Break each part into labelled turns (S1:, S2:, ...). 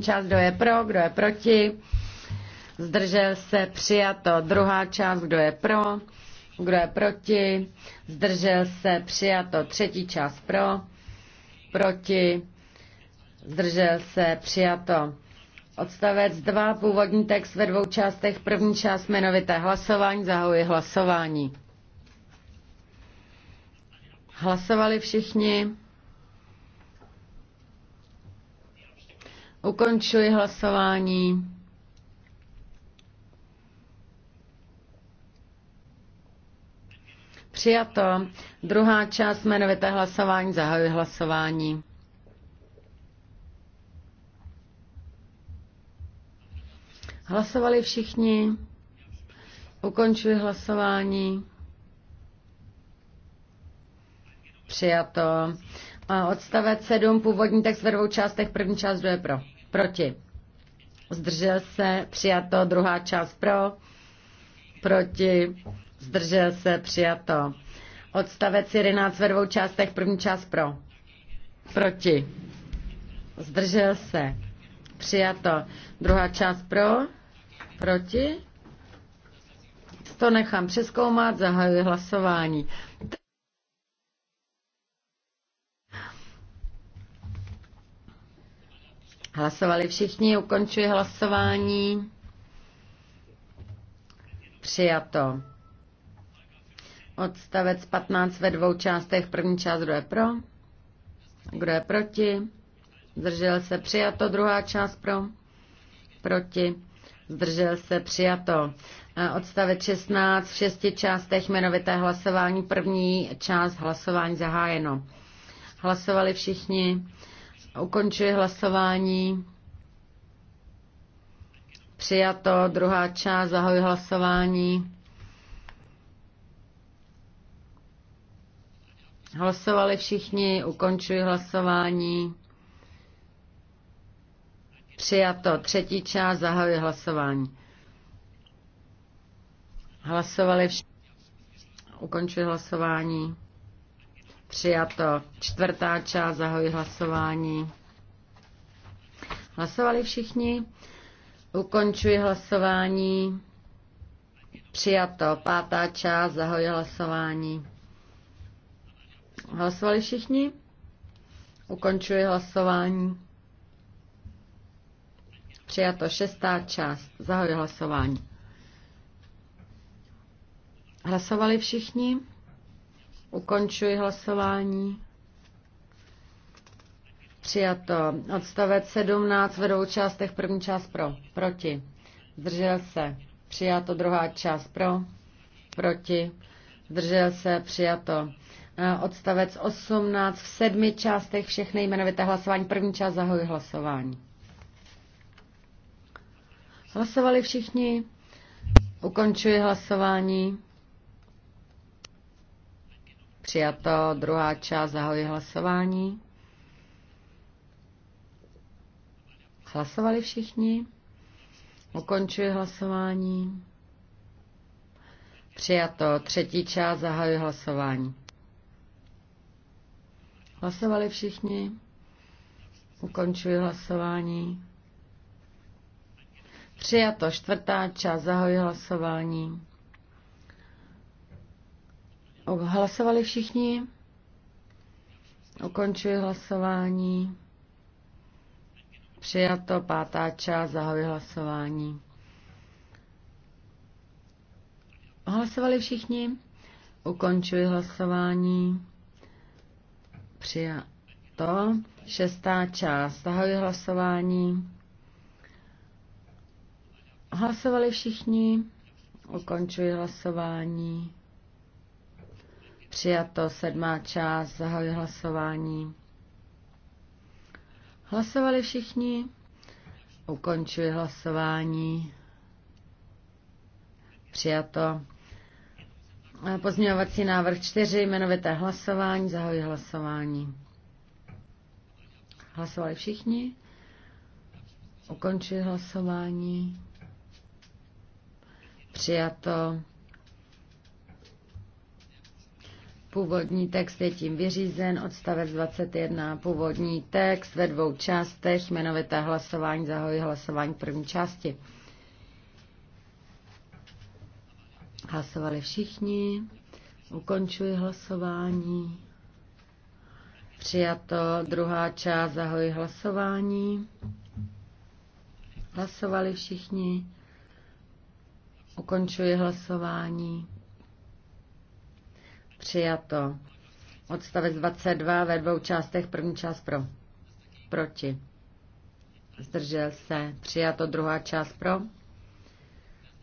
S1: část, kdo je pro, kdo je proti, zdržel se, přijato. Druhá část, kdo je pro, kdo je proti, zdržel se, přijato. Třetí část pro, proti, zdržel se, přijato. Odstavec 2, původní text ve dvou částech, první část jmenovité hlasování, zahoji hlasování. Hlasovali všichni. Ukončuji hlasování. Přijato. Druhá část jmenovité hlasování. Zahajuji hlasování. Hlasovali všichni. Ukončuji hlasování. Přijato. A odstavec 7, původní text ve dvou částech, první část, kdo je pro? Proti. Zdržel se, přijato, druhá část pro, proti, zdržel se, přijato. Odstavec 11 ve dvou částech, první část pro, proti, zdržel se, přijato. Druhá část pro, proti, to nechám přeskoumat, zahajuji hlasování. Hlasovali všichni, ukončuji hlasování. Přijato. Odstavec 15 ve dvou částech. První část, kdo je pro? Kdo je proti? Zdržel se přijato. Druhá část pro? Proti. Zdržel se přijato. Odstavec 16 v šesti částech jmenovité hlasování. První část hlasování zahájeno. Hlasovali všichni. Ukončuji hlasování. Přijato. Druhá část. Zahoj hlasování. Hlasovali všichni. Ukončuji hlasování. Přijato. Třetí část. Zahoj hlasování. Hlasovali všichni. Ukončuji hlasování. Přijato. Čtvrtá část, zahoji hlasování. Hlasovali všichni? Ukončuji hlasování. Přijato. Pátá část, zahoji hlasování. Hlasovali všichni? Ukončuji hlasování. Přijato šestá část. Zahoji hlasování. Hlasovali všichni? Ukončuji hlasování. Přijato. Odstavec 17 ve dvou částech. První část pro. Proti. Zdržel se. Přijato. Druhá část pro. Proti. Zdržel se. Přijato. Odstavec 18 v sedmi částech všechny jmenovité hlasování. První část zahoji hlasování. Hlasovali všichni. Ukončuji hlasování. Přijato druhá část, zahojí hlasování. Hlasovali všichni? Ukončuji hlasování. Přijato třetí část, zahajuji hlasování. Hlasovali všichni? Ukončuji hlasování. Přijato čtvrtá část, zahajuji hlasování. Hlasovali všichni? Ukončuji hlasování. Přijato pátá část, zahajuji hlasování. Hlasovali všichni? Ukončuji hlasování. Přijato. Šestá část. Zahajuji hlasování. Hlasovali všichni? Ukončuji hlasování. Přijato sedmá část, zahajuji hlasování. Hlasovali všichni? Ukončuji hlasování. Přijato. Pozměňovací návrh 4, jmenovité hlasování, zahajuji hlasování. Hlasovali všichni? Ukončuji hlasování. Přijato. Původní text je tím vyřízen, odstavec 21. Původní text ve dvou částech, jmenovité hlasování, zahojí hlasování první části. Hlasovali všichni. Ukončuji hlasování. Přijato druhá část, zahojí hlasování. Hlasovali všichni. Ukončuji hlasování. Přijato. Odstavec 22 ve dvou částech. První část pro. Proti. Zdržel se. Přijato. Druhá část pro.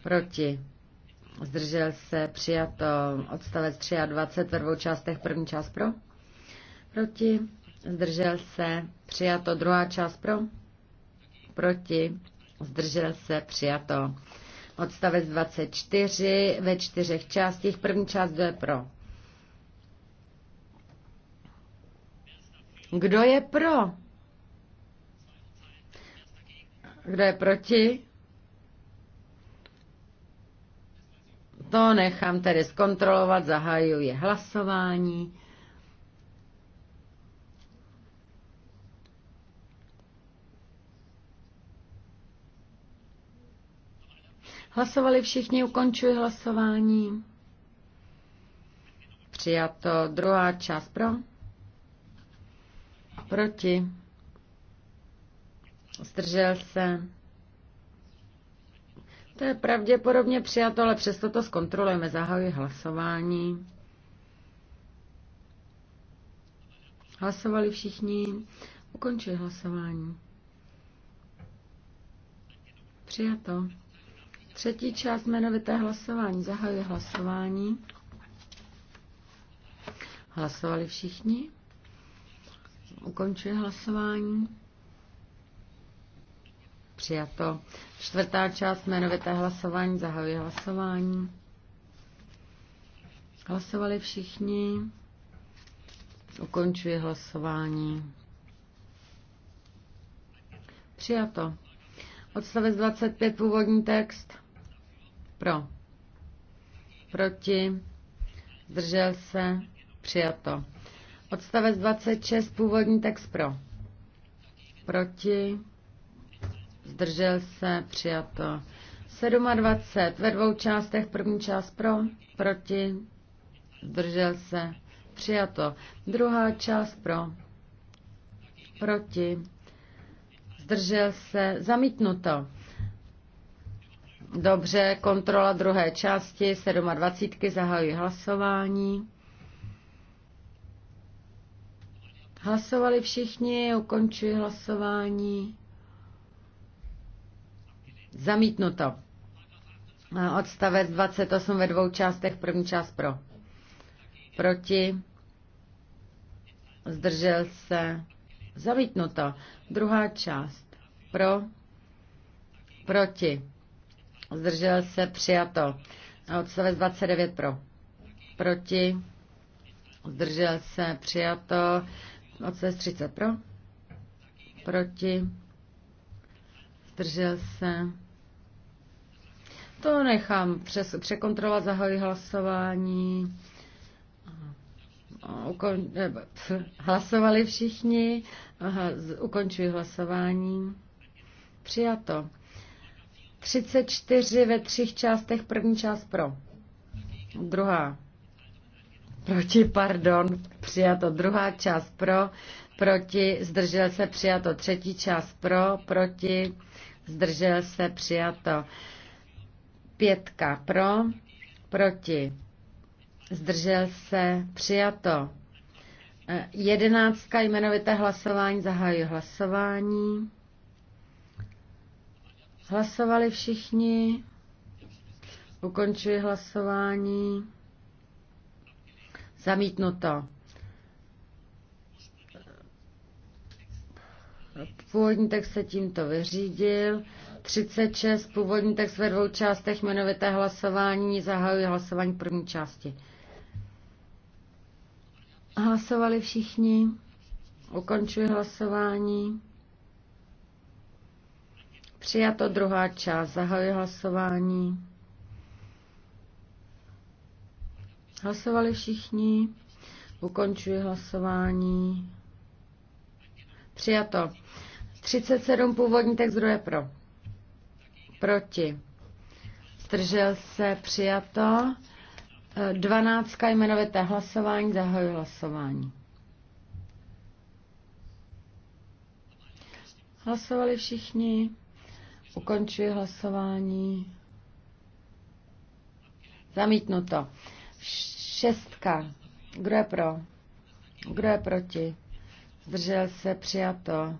S1: Proti. Zdržel se. Přijato. Odstavec 23 ve dvou částech. První část pro. Proti. Zdržel se. Přijato. Druhá část pro. Proti. Zdržel se. Přijato. Odstavec 24 ve čtyřech částích. První část, je pro? Kdo je pro? Kdo je proti? To nechám tedy zkontrolovat, zahajuji hlasování. Hlasovali všichni, ukončuji hlasování. Přijato druhá část pro. Proti. Zdržel se. To je pravděpodobně přijato, ale přesto to zkontrolujeme. Zahajuji hlasování. Hlasovali všichni. Ukončuji hlasování. Přijato. Třetí část jmenovité hlasování. Zahajuji hlasování. Hlasovali všichni. Ukončuji hlasování. Přijato. Čtvrtá část jmenovité hlasování. zahajuje hlasování. Hlasovali všichni. Ukončuji hlasování. Přijato. Odstavec 25, původní text. Pro. Proti. Zdržel se. Přijato. Odstavec 26, původní text pro. Proti. Zdržel se, přijato. 27 ve dvou částech, první část pro, proti, zdržel se, přijato. Druhá část pro, proti, zdržel se, zamítnuto. Dobře, kontrola druhé části 27. Zahajuji hlasování. Hlasovali všichni, ukončuji hlasování. Zamítnuto. Odstavec 28 ve dvou částech, první část pro. Proti. Zdržel se. Zamítnuto. Druhá část. Pro. Proti. Zdržel se. Přijato. Odstavec 29 pro. Proti. Zdržel se. Přijato. Odsvést 30 pro. Proti. Zdržel se. To nechám přes, překontrolovat, zahoji hlasování. Ukon, hlasovali všichni, Aha, ukončuji hlasování. Přijato. 34 ve třech částech, první část pro. Druhá proti, pardon, přijato druhá část pro, proti, zdržel se přijato třetí část pro, proti, zdržel se přijato pětka pro, proti, zdržel se přijato e, jedenáctka jmenovité hlasování, zahájí hlasování. Hlasovali všichni. Ukončuji hlasování. Zamítnuto. Původní text se tímto vyřídil. 36. Původní text ve dvou částech jmenovité hlasování. Zahajuji hlasování první části. Hlasovali všichni. Ukončuji hlasování. Přijato druhá část. Zahajuji hlasování. Hlasovali všichni. Ukončuji hlasování. Přijato. 37 původní text, je pro? Proti. Zdržel se, přijato. 12 jmenovité hlasování, zahajuji hlasování. Hlasovali všichni. Ukončuji hlasování. Zamítnuto. Šestka. Kdo je pro? Kdo je proti? Zdržel se přijato.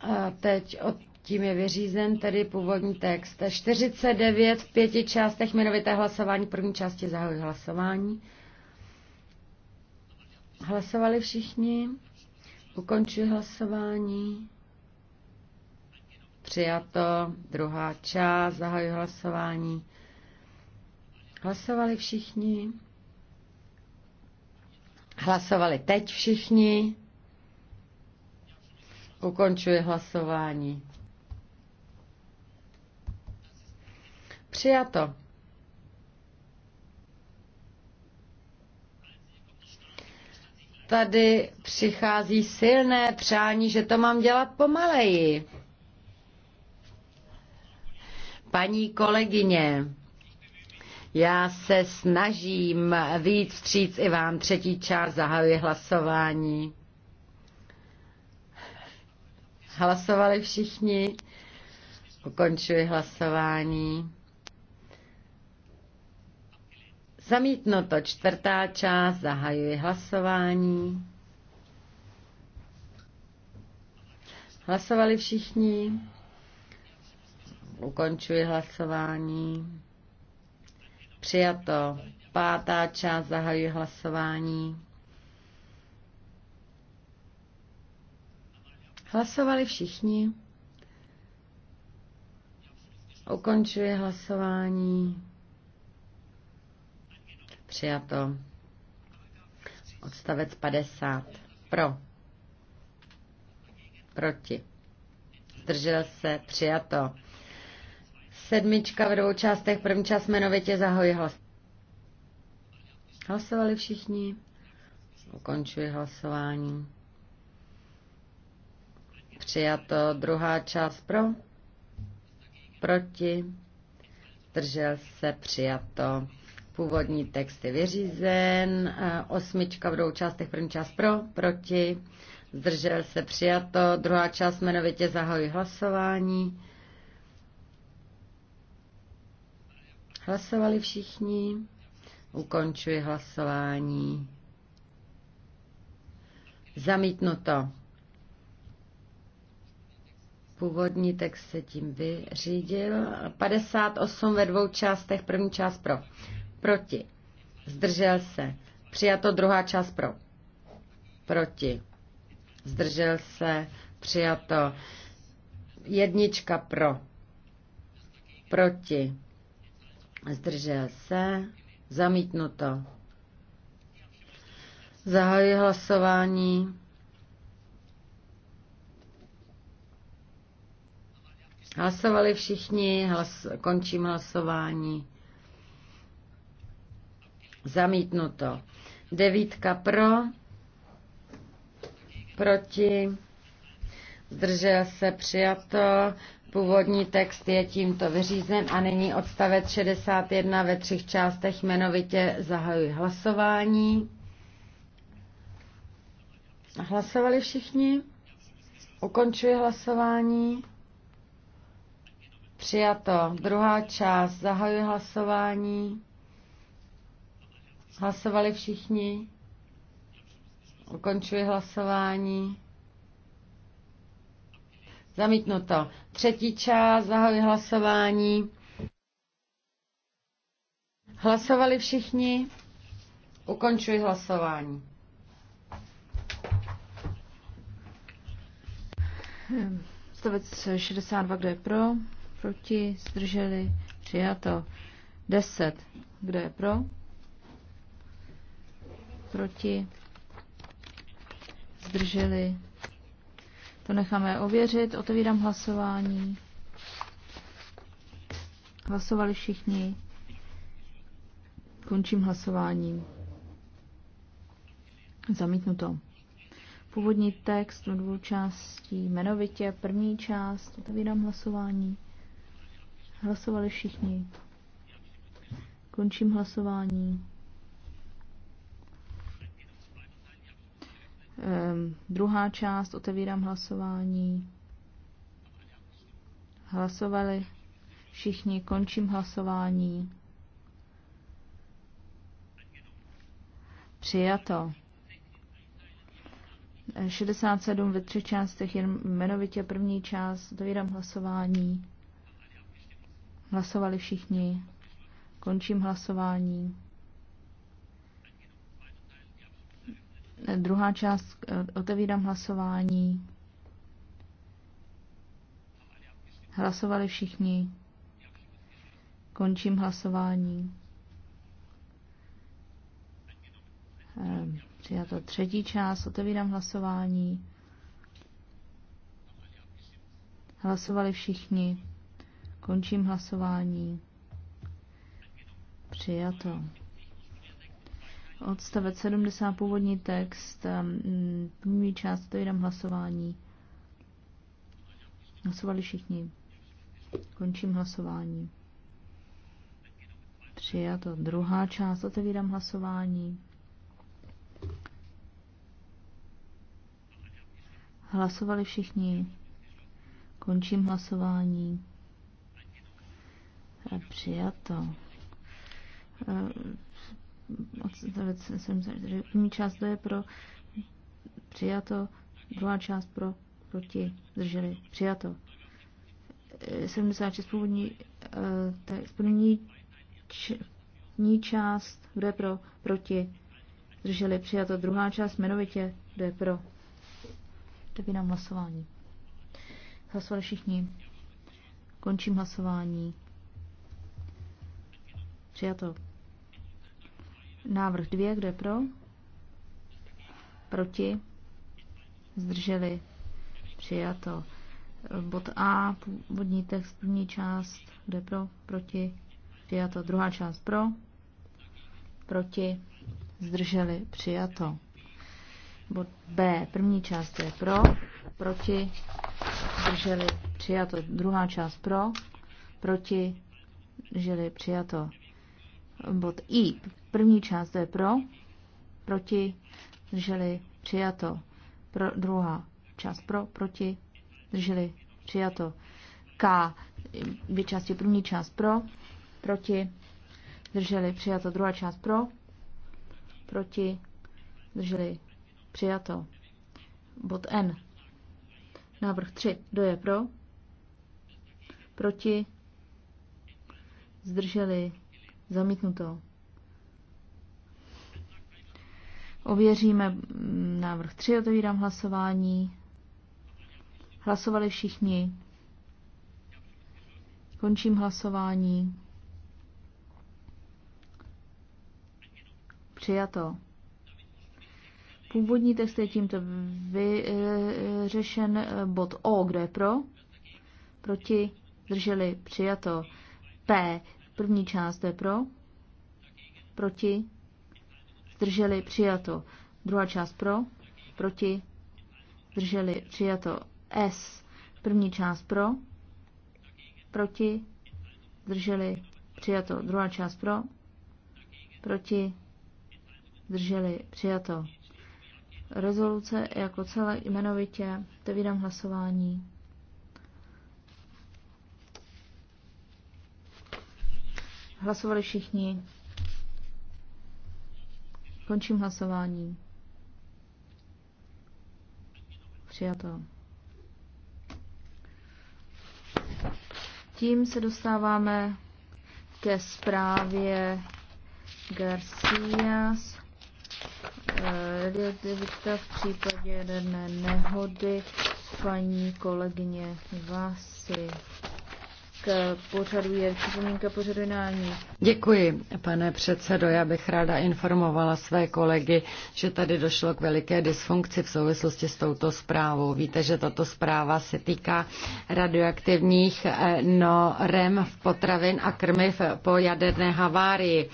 S1: A teď od tím je vyřízen tedy původní text. 49 v pěti částech jmenovité hlasování. První části zahoj hlasování. Hlasovali všichni. Ukončuji hlasování. Přijato. Druhá část. Zahoj hlasování. Hlasovali všichni. Hlasovali teď všichni. Ukončuji hlasování. Přijato. Tady přichází silné přání, že to mám dělat pomaleji. Paní kolegyně, já se snažím víc vstříc i vám. Třetí část zahajuje hlasování. Hlasovali všichni. Ukončuji hlasování. Zamítnuto čtvrtá část, zahajuji hlasování. Hlasovali všichni. Ukončuji hlasování. Přijato. Pátá část zahajuje hlasování. Hlasovali všichni. Ukončuje hlasování. Přijato. Odstavec 50. Pro. Proti. Zdržel se. Přijato. Sedmička ve dvou částech, první část jmenovitě zahoj hlas. Hlasovali všichni? Ukončuji hlasování. Přijato druhá část pro, proti, držel se přijato. Původní text je vyřízen, osmička v dvou částech, první část pro, proti, zdržel se přijato, druhá část jmenovitě zahojí hlasování. Hlasovali všichni? Ukončuji hlasování. Zamítnuto. Původní text se tím vyřídil. 58 ve dvou částech. První část pro. Proti. Zdržel se. Přijato druhá část pro. Proti. Zdržel se. Přijato. Jednička pro. Proti. Zdržel se. Zamítnuto. Zahajuji hlasování. Hlasovali všichni, hlas, končím hlasování. Zamítnuto. Devítka pro, proti, zdržel se přijato, Původní text je tímto vyřízen a nyní odstavec 61 ve třech částech jmenovitě zahajuji hlasování. Hlasovali všichni? Ukončuji hlasování. Přijato. Druhá část. Zahajuji hlasování. Hlasovali všichni? Ukončuji hlasování. Zamítnuto. Třetí část, zahajuji hlasování. Hlasovali všichni? Ukončuji hlasování. Stavec 62,
S2: kdo je pro? Proti? Zdrželi? Přijato. 10, kdo je pro? Proti? Zdrželi? To necháme ověřit. Otevírám hlasování. Hlasovali všichni. Končím hlasováním. Zamítnuto. Původní text do dvou částí, jmenovitě první část, otevírám hlasování. Hlasovali všichni. Končím hlasování. Ehm, druhá část, otevírám hlasování. Hlasovali všichni, končím hlasování. Přijato. 67 ve třech částech, jen jmenovitě první část, dovídám hlasování. Hlasovali všichni, končím hlasování. Druhá část, eh, otevírám hlasování. Hlasovali všichni. Končím hlasování. Eh, přijato třetí část, otevírám hlasování. Hlasovali všichni. Končím hlasování. Přijato. Odstavec 70, původní text, první um, část, to jdem hlasování. Hlasovali všichni. Končím hlasování. Přijato. Druhá část, otevírám hlasování. Hlasovali všichni. Končím hlasování. Přijato první část to je pro přijato, druhá část pro proti zdrželi přijato. 76 původní, eh, tak první první část, kdo je pro, proti, zdrželi přijato, druhá část jmenovitě, kdo je pro. Dobírám hlasování. Hlasovali všichni. Končím hlasování. Přijato. Návrh kdo je pro? Proti? Zdrželi? Přijato. Bod A, vodní text, první část, je pro? Proti? Přijato. Druhá část pro? Proti? Zdrželi? Přijato. Bod B, první část je pro? Proti? Zdrželi? Přijato. Druhá část pro? Proti? Zdrželi? Přijato bod I. První část to je pro, proti, drželi, přijato. Pro, druhá část pro, proti, drželi, přijato. K. Dvě části. První část pro, proti, drželi, přijato. Druhá část pro, proti, drželi, přijato. Bod N. Návrh 3. Kdo je pro? Proti? Zdrželi? Zamítnuto. Ověříme návrh 3, otevírám hlasování. Hlasovali všichni. Končím hlasování. Přijato. Původní text je tímto vyřešen eh, bod O, kdo je pro? Proti? Drželi? Přijato. P. První část, je pro, proti, zdrželi, přijato. Druhá část pro, proti, zdrželi, přijato. S, první část pro, proti, zdrželi, přijato. Druhá část pro, proti, zdrželi, přijato. Rezoluce jako celé jmenovitě, otevírám hlasování. Hlasovali všichni. Končím hlasování. Přijato. Tím se dostáváme ke zprávě Garcias. Eh, Radioaktivita v případě jedné nehody paní kolegyně Vasy k pořadu je připomínka pořadu jednání.
S1: Děkuji, pane předsedo. Já bych ráda informovala své kolegy, že tady došlo k veliké dysfunkci v souvislosti s touto zprávou. Víte, že tato zpráva se týká radioaktivních eh, norem v potravin a krmiv po jaderné havárii.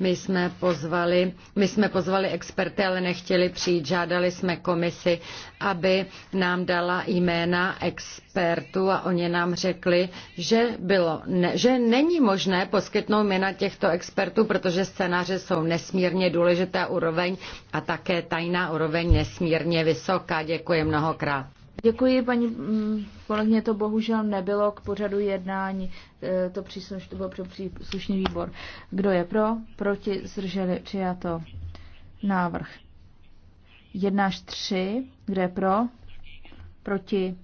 S1: My jsme pozvali, my jsme pozvali experty, ale nechtěli přijít. Žádali jsme komisi, aby nám dala jména expertů a oni nám řekli, že bylo, ne, že není možné poskytnout jména těchto expertů, protože scénáře jsou nesmírně důležitá úroveň a také tajná úroveň nesmírně vysoká. Děkuji mnohokrát.
S2: Děkuji, paní mm, kolegyně, to bohužel nebylo k pořadu jednání, e, to, přísluš, to byl příslušný výbor. Kdo je pro, proti, zrželi přijato návrh. 1 až 3, kde je pro, proti,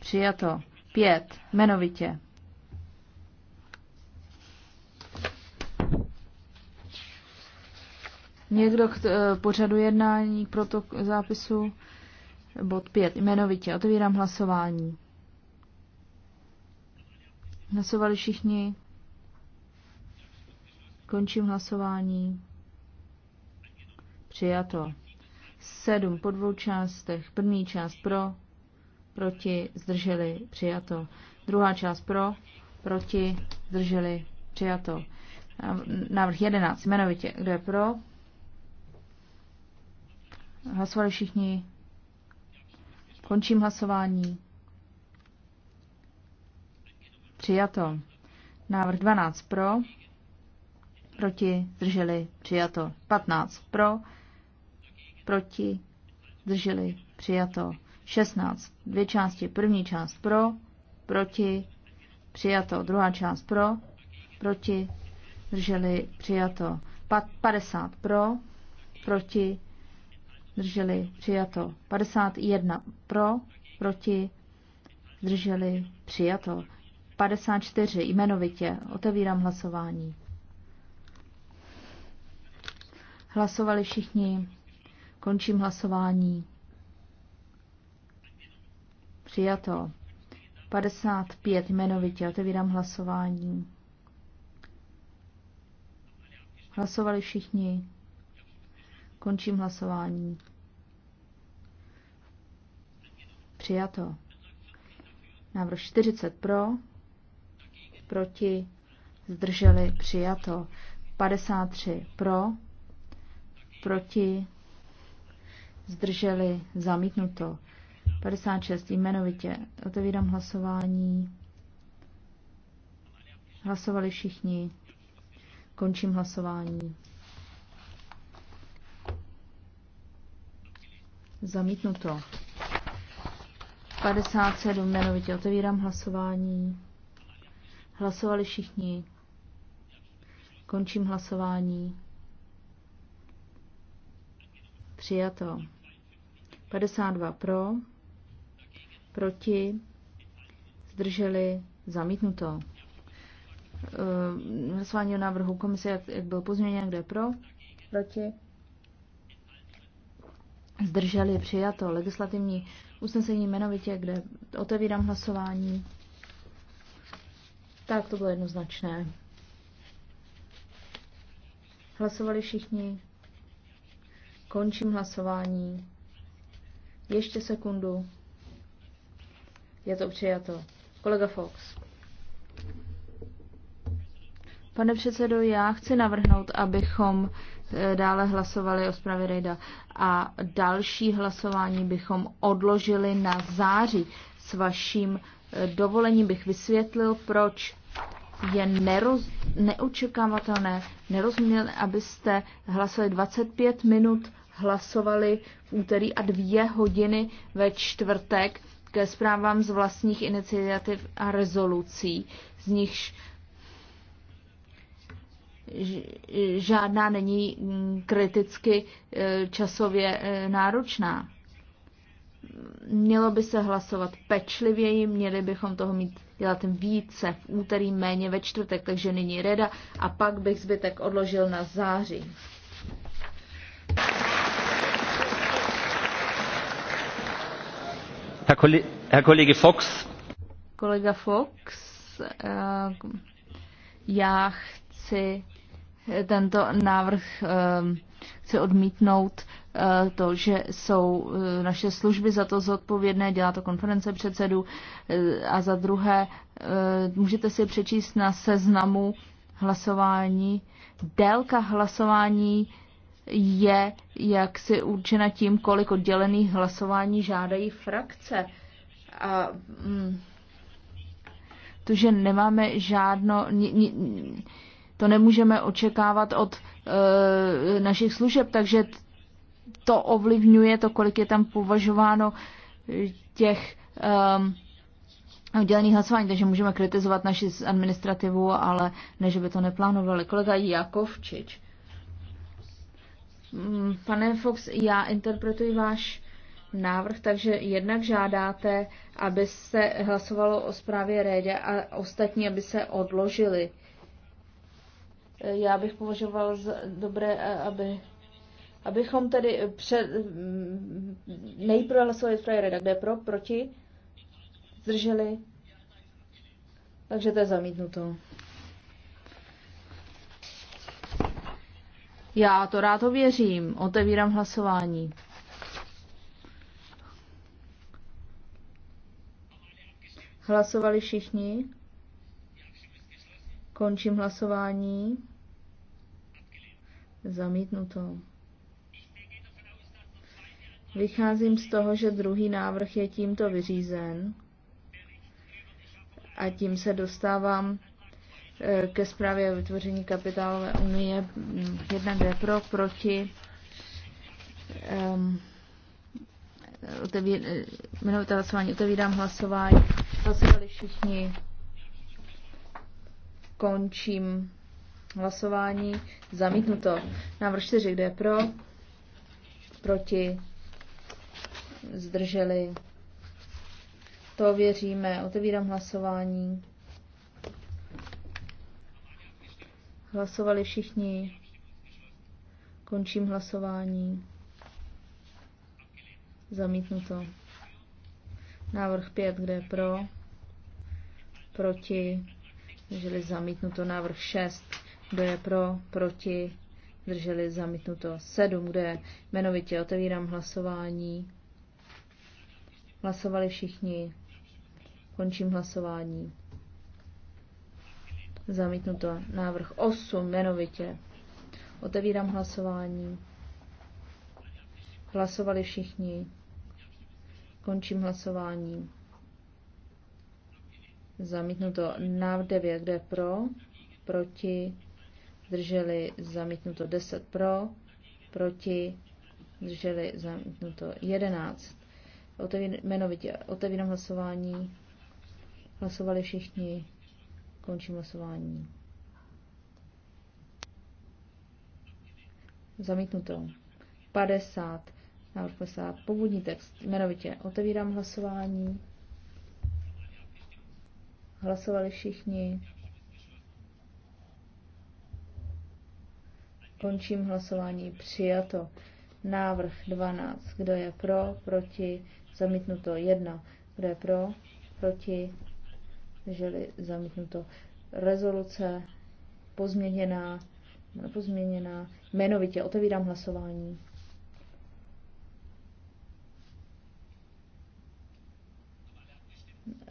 S2: přijato. Pět Jmenovitě. Někdo k eh, pořadu jednání k proto zápisu bod pět Jmenovitě. Otevírám hlasování. Hlasovali všichni. Končím hlasování. Přijato. Sedm po dvou částech. První část pro, proti, zdrželi, přijato. Druhá část pro, proti, zdrželi, přijato. Návrh 11, jmenovitě, kdo je pro? Hlasovali všichni. Končím hlasování. Přijato. Návrh 12 pro, proti, zdrželi, přijato. 15 pro, proti, zdrželi, přijato. 16. Dvě části. První část pro, proti, přijato. Druhá část pro, proti, drželi, přijato. 50 pro, proti, drželi, přijato. 51 pro, proti, drželi, přijato. 54 jmenovitě. Otevírám hlasování. Hlasovali všichni. Končím hlasování. Přijato. 55 jmenovitě. Otevírám hlasování. Hlasovali všichni. Končím hlasování. Přijato. Návrh 40 pro, proti, zdrželi, přijato. 53 pro, proti, zdrželi, zamítnuto. 56 jmenovitě. Otevírám hlasování. Hlasovali všichni. Končím hlasování. Zamítnuto. 57 jmenovitě. Otevírám hlasování. Hlasovali všichni. Končím hlasování. Přijato. 52 pro, proti, zdrželi, zamítnuto. Ehm, hlasování o návrhu komise, jak, jak byl pozměněn, kde pro, proti, zdrželi, přijato. Legislativní usnesení jmenovitě, kde otevírám hlasování. Tak to bylo jednoznačné. Hlasovali všichni. Končím hlasování. Ještě sekundu. Je to přijato. Kolega Fox. Pane předsedo, já chci navrhnout, abychom e, dále hlasovali o zprávě Rejda a další hlasování bychom odložili na září. S vaším e, dovolením bych vysvětlil, proč je neroz, neočekávatelné, nerozuměné, abyste hlasovali 25 minut, hlasovali v úterý a dvě hodiny ve čtvrtek ke zprávám z vlastních iniciativ a rezolucí, z nichž žádná není kriticky e, časově e, náročná. Mělo by se hlasovat pečlivěji, měli bychom toho mít dělat více v úterý, méně ve čtvrtek, takže nyní reda a pak bych zbytek odložil na září.
S3: Herr Fox.
S2: Kolega Fox, eh, já chci tento návrh eh, chci odmítnout eh, to, že jsou naše služby za to zodpovědné, dělá to konference předsedů a za druhé můžete si přečíst na seznamu hlasování délka hlasování je jaksi určena tím, kolik oddělených hlasování žádají frakce. A, mm, to, že nemáme žádno, ni, ni, to nemůžeme očekávat od e, našich služeb, takže to ovlivňuje to, kolik je tam považováno e, těch e, oddělených hlasování, takže můžeme kritizovat naši administrativu, ale ne, že by to neplánovali. Kolega Jakovčič. Mm, pane Fox, já interpretuji váš návrh, takže jednak žádáte, aby se hlasovalo o zprávě Rédě a ostatní, aby se odložili. Já bych považoval za dobré, aby, abychom tedy před, mm, nejprve hlasovali zprávě Rédě, kde pro, proti, zdrželi. Takže to je zamítnuto. Já to rád ověřím. Otevírám hlasování. Hlasovali všichni? Končím hlasování. Zamítnuto. Vycházím z toho, že druhý návrh je tímto vyřízen a tím se dostávám Eh, ke zprávě o vytvoření kapitálové unie. Mm, jedna kde pro, proti. Um, ehm, oteví, jmenovité eh, hlasování. Otevírám hlasování. Hlasovali všichni. Končím hlasování. Zamítnuto. Návrh 4, kde je pro? Proti? Zdrželi? To věříme. Otevírám hlasování. Hlasovali všichni. Končím hlasování. Zamítnuto. Návrh 5, kde je pro? Proti. Drželi zamítnuto. Návrh 6, kdo je pro? Proti. Drželi zamítnuto. 7, kde je jmenovitě. Otevírám hlasování. Hlasovali všichni. Končím hlasování. Zamítnuto. Návrh 8 jmenovitě. Otevírám hlasování. Hlasovali všichni. Končím hlasování. Zamítnuto návrh 9, kde pro, proti, drželi zamítnuto 10 pro, proti, drželi zamítnuto 11. Otevír, jmenovitě otevírám hlasování. Hlasovali všichni. Končím hlasování. Zamítnuto. 50. Návrh 50. Původní text. Jmenovitě. Otevírám hlasování. Hlasovali všichni. Končím hlasování. Přijato. Návrh 12. Kdo je pro? Proti? Zamítnuto. 1. Kdo je pro? Proti? Žili zamítnuto rezoluce pozměněná, nepozměněná, no, Jmenovitě otevírám hlasování.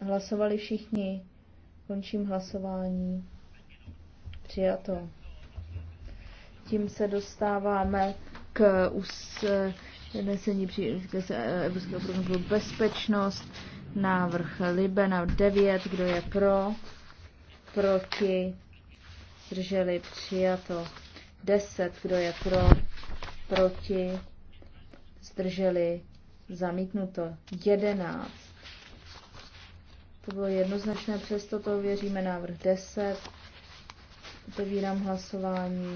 S2: Hlasovali všichni. Končím hlasování. Přijato. Tím se dostáváme k usnesení Evropského programu bezpečnost. Návrh Libe na 9, kdo je pro, proti, zdrželi přijato. 10, kdo je pro, proti, zdrželi zamítnuto. 11. To bylo jednoznačné, přesto to věříme návrh 10. Otevírám hlasování.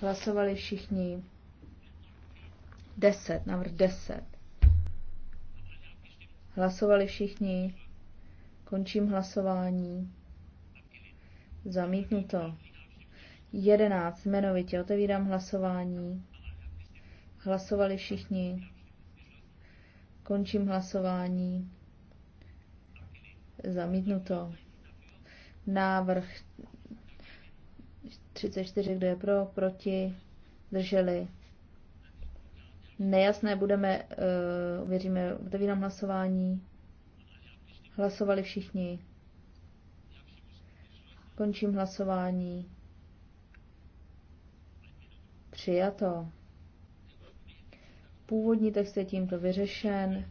S2: Hlasovali všichni. 10, návrh 10. Hlasovali všichni. Končím hlasování. Zamítnuto. Jedenáct. Jmenovitě otevírám hlasování. Hlasovali všichni. Končím hlasování. Zamítnuto. Návrh 34, kdo je pro, proti, drželi, nejasné, budeme, uh, věříme, otevírám hlasování. Hlasovali všichni. Končím hlasování. Přijato. Původní text je tímto vyřešen.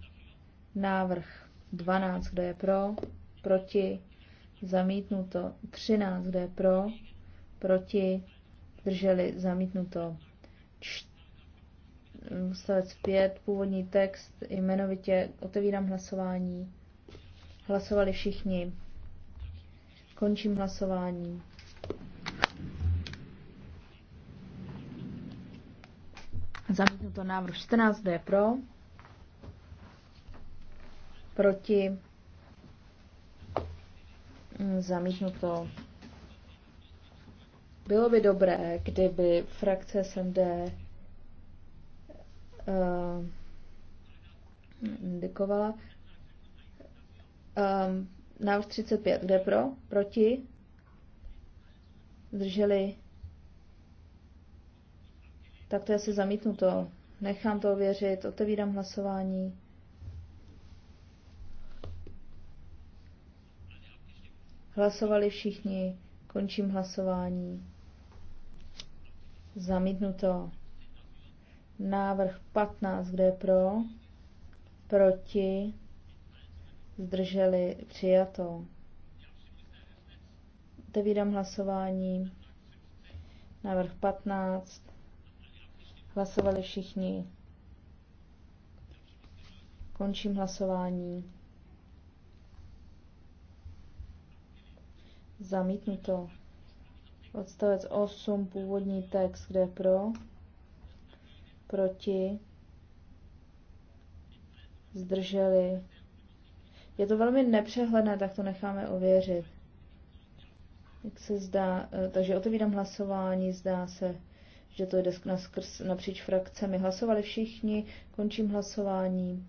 S2: Návrh 12, kdo je pro, proti, zamítnuto. 13, kdo je pro, proti, drželi, zamítnuto. 4 Stavec 5, původní text, jmenovitě otevírám hlasování. Hlasovali všichni. Končím hlasování. Zamítnuto návrh 14 je pro. Proti. Mm, zamítnuto. Bylo by dobré, kdyby frakce SMD Eh, indikovala. Um, návrh 35, kde pro? Proti? Zdrželi? Tak to je asi zamítnuto. Nechám to ověřit, otevírám hlasování. Hlasovali všichni, končím hlasování. Zamítnuto. Návrh 15, kde je pro, proti, zdrželi, přijato. Otevírám hlasování. Návrh 15. Hlasovali všichni. Končím hlasování. Zamítnuto. Odstavec 8, původní text, kde pro, proti, zdrželi. Je to velmi nepřehledné, tak to necháme ověřit. Jak se zdá, eh, takže otevírám hlasování, zdá se, že to jde naskrz, napříč frakcemi. Hlasovali všichni, končím hlasování.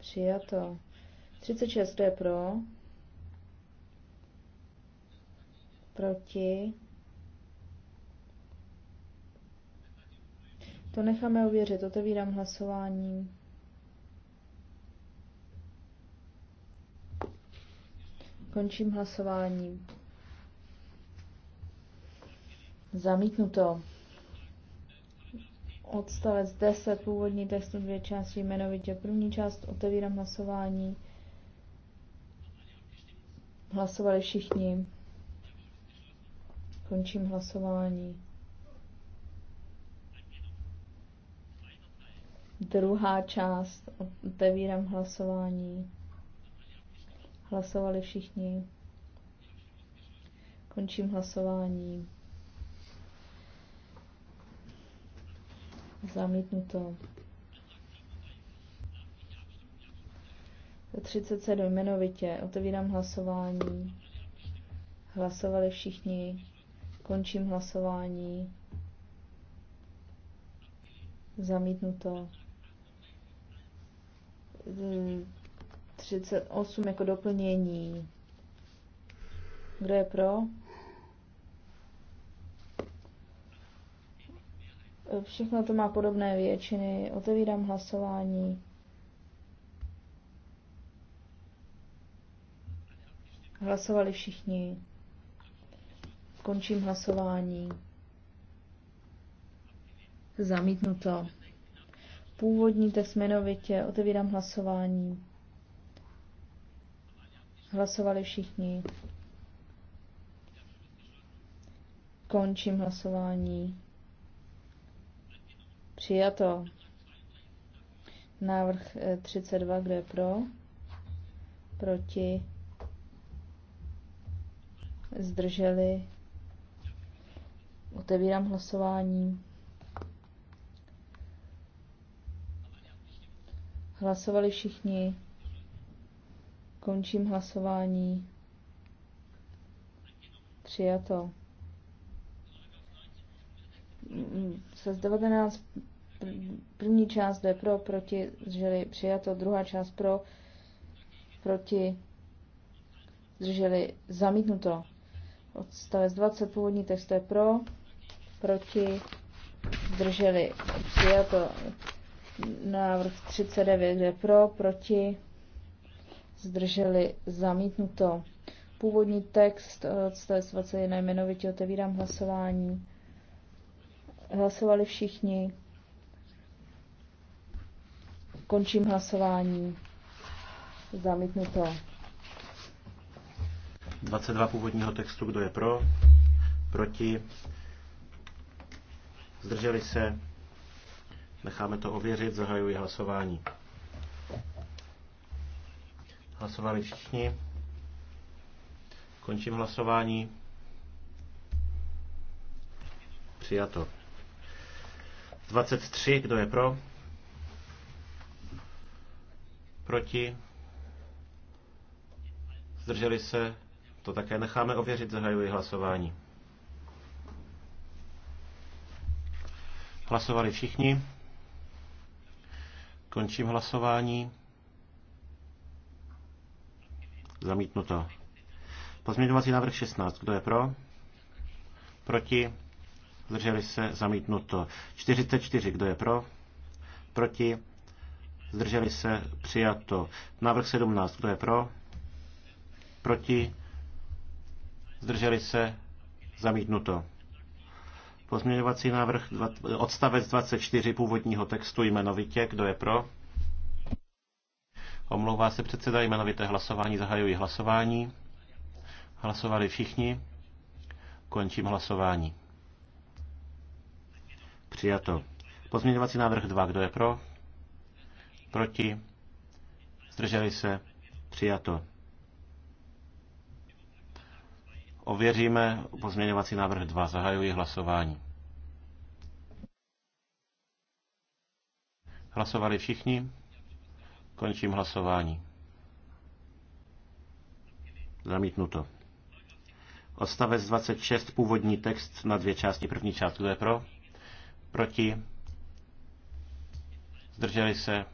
S2: Přijato. 36 je pro. Proti. To necháme uvěřit, Otevírám hlasování. Končím hlasování. Zamítnuto. Odstavec 10, původní text, dvě části, jmenovitě první část, otevírám hlasování. Hlasovali všichni. Končím hlasování. Druhá část. Otevírám hlasování. Hlasovali všichni. Končím hlasování. Zamítnuto. 37 jmenovitě. Otevírám hlasování. Hlasovali všichni. Končím hlasování. Zamítnuto. 38 jako doplnění. Kdo je pro? Všechno to má podobné většiny. Otevírám hlasování. Hlasovali všichni. Končím hlasování. Zamítnuto. Původní text jmenovitě. Otevírám hlasování. Hlasovali všichni. Končím hlasování. Přijato. Návrh 32, eh, kdo je pro? Proti? Zdrželi? Otevírám hlasování. Hlasovali všichni. Končím hlasování. Přijato. Mm, se z 19 první část jde pro, proti, zdrželi, přijato, druhá část pro, proti, zdrželi, zamítnuto. Odstavec 20, původní text je pro, proti, zdrželi, přijato, Návrh 39 je pro, proti, zdrželi zamítnuto. Původní text odstavec eh, 21 jmenovitě otevírám hlasování. Hlasovali všichni. Končím hlasování. Zamítnuto.
S3: 22 původního textu, kdo je pro, proti, zdrželi se, Necháme to ověřit, zahajuji hlasování. Hlasovali všichni. Končím hlasování. Přijato. 23, kdo je pro? Proti? Zdrželi se? To také necháme ověřit, zahajuji hlasování. Hlasovali všichni. Končím hlasování. Zamítnuto. Pozměňovací návrh 16. Kdo je pro? Proti? Zdrželi se? Zamítnuto. 44. Kdo je pro? Proti? Zdrželi se? Přijato. Návrh 17. Kdo je pro? Proti? Zdrželi se? Zamítnuto. Pozměňovací návrh odstavec 24 původního textu jmenovitě. Kdo je pro? Omlouvá se předseda jmenovité hlasování. Zahajuji hlasování. Hlasovali všichni. Končím hlasování. Přijato. Pozměňovací návrh 2. Kdo je pro? Proti? Zdrželi se? Přijato. Ověříme pozměňovací návrh 2. Zahajuji hlasování. Hlasovali všichni? Končím hlasování. Zamítnuto. Odstavec 26, původní text na dvě části. První část, kdo je pro? Proti? Zdrželi se?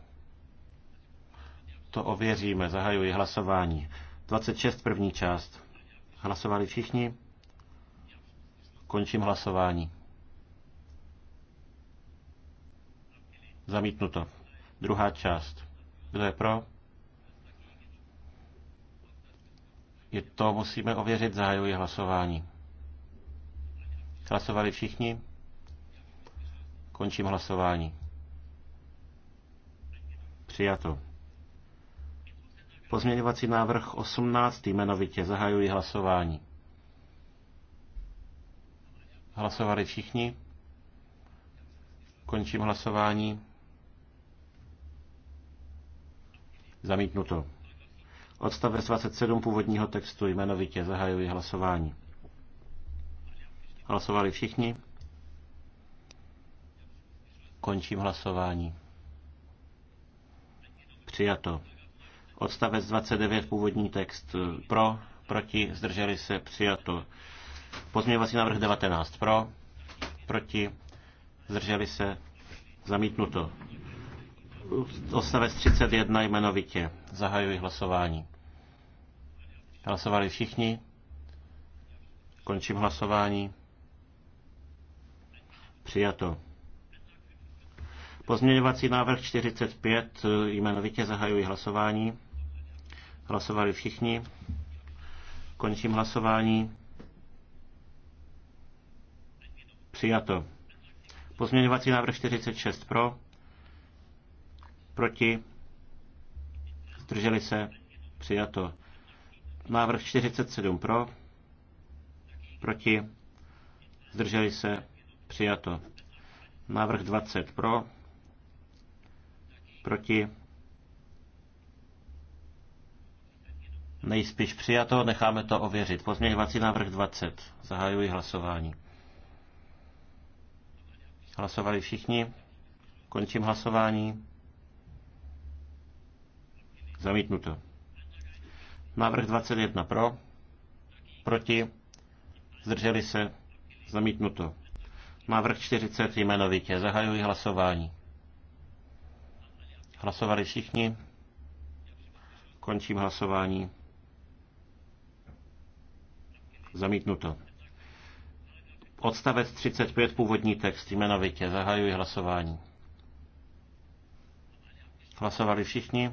S3: To ověříme. Zahajuji hlasování. 26, první část. Hlasovali všichni? Končím hlasování. Zamítnuto. Druhá část. Kdo je pro? Je to musíme ověřit, zahajuji hlasování. Hlasovali všichni? Končím hlasování. Přijato. Pozměňovací návrh 18 jmenovitě. Zahajuji hlasování. Hlasovali všichni? Končím hlasování. Zamítnuto. Odstavec 27 původního textu jmenovitě zahajuji hlasování. Hlasovali všichni? Končím hlasování. Přijato. Odstavec 29, původní text pro, proti, zdrželi se, přijato. Pozměňovací návrh 19 pro, proti, zdrželi se, zamítnuto. Odstavec 31 jmenovitě. Zahajuji hlasování. Hlasovali všichni. Končím hlasování. Přijato. Pozměňovací návrh 45 jmenovitě zahajuji hlasování. Hlasovali všichni. Končím hlasování. Přijato. Pozměňovací návrh 46 pro. Proti. Zdrželi se. Přijato. Návrh 47 pro. Proti. Zdrželi se. Přijato. Návrh 20 pro. Proti. Nejspíš přijato, necháme to ověřit. Pozměňovací návrh 20. Zahajuji hlasování. Hlasovali všichni. Končím hlasování. Zamítnuto. Návrh 21 pro. Proti. Zdrželi se. Zamítnuto. Návrh 40 jmenovitě. Zahajuji hlasování. Hlasovali všichni. Končím hlasování. Zamítnuto. Odstavec 35, původní text, jmenovitě. Zahajuji hlasování. Hlasovali všichni?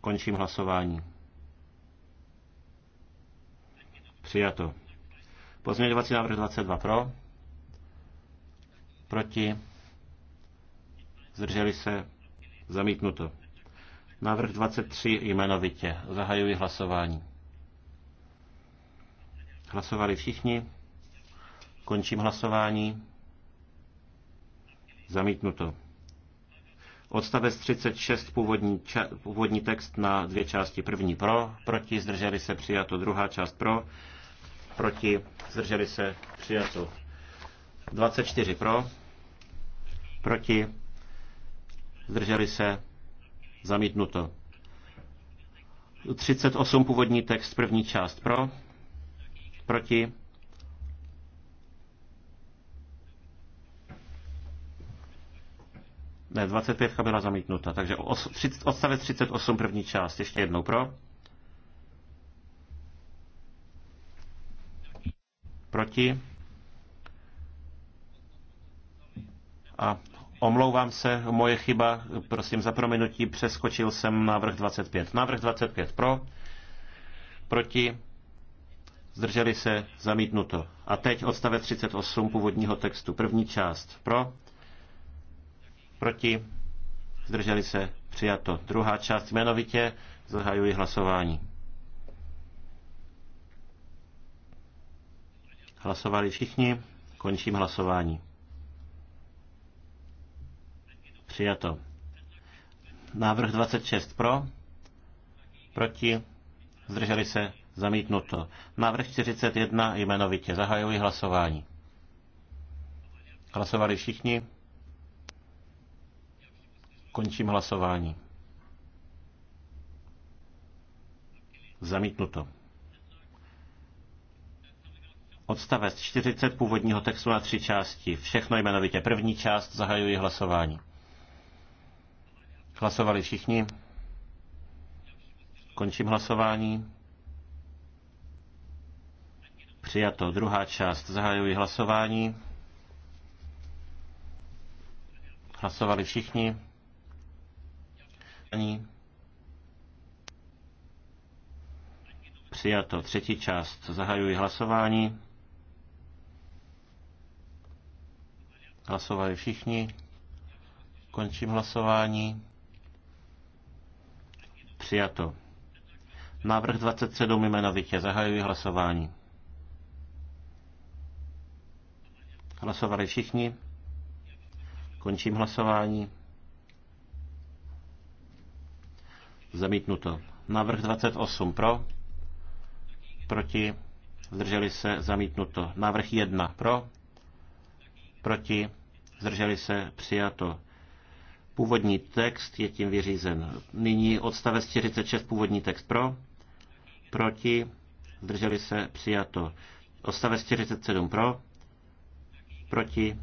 S3: Končím hlasování. Přijato. Pozměňovací návrh 22 pro. Proti. Zdrželi se. Zamítnuto. Návrh 23 jmenovitě. Zahajuji hlasování. Hlasovali všichni. Končím hlasování. Zamítnuto. Odstavec 36, původní, ča, původní text na dvě části. První pro, proti, zdrželi se, přijato. Druhá část pro, proti, zdrželi se, přijato. 24 pro, proti, zdrželi se, zamítnuto. 38 původní text, první část pro, Proti? Ne, 25 byla zamítnuta, takže odstavec 38 první část, ještě jednou pro. Proti. A omlouvám se, moje chyba, prosím za prominutí, přeskočil jsem návrh 25. Návrh 25 pro, proti, zdrželi se, zamítnuto. A teď odstavec 38 původního textu. První část pro, proti, zdrželi se, přijato. Druhá část jmenovitě, zahajuji hlasování. Hlasovali všichni, končím hlasování. Přijato. Návrh 26 pro, proti, zdrželi se, Zamítnuto. Návrh 41 jmenovitě. Zahajuji hlasování. Hlasovali všichni? Končím hlasování. Zamítnuto. Odstavec 40 původního textu na tři části. Všechno jmenovitě. První část zahajuji hlasování. Hlasovali všichni? Končím hlasování. Přijato. Druhá část. Zahajuji hlasování. Hlasovali všichni. Ani. Přijato. Třetí část. Zahajuji hlasování. Hlasovali všichni. Končím hlasování. Přijato. Návrh 27 jmenovitě. Zahajuji hlasování. Hlasovali všichni. Končím hlasování. Zamítnuto. Návrh 28 pro. Proti. Zdrželi se. Zamítnuto. Návrh 1 pro. Proti. Zdrželi se. Přijato. Původní text je tím vyřízen. Nyní odstavec 46, původní text pro, proti, zdrželi se, přijato. Odstavec 47 pro, proti,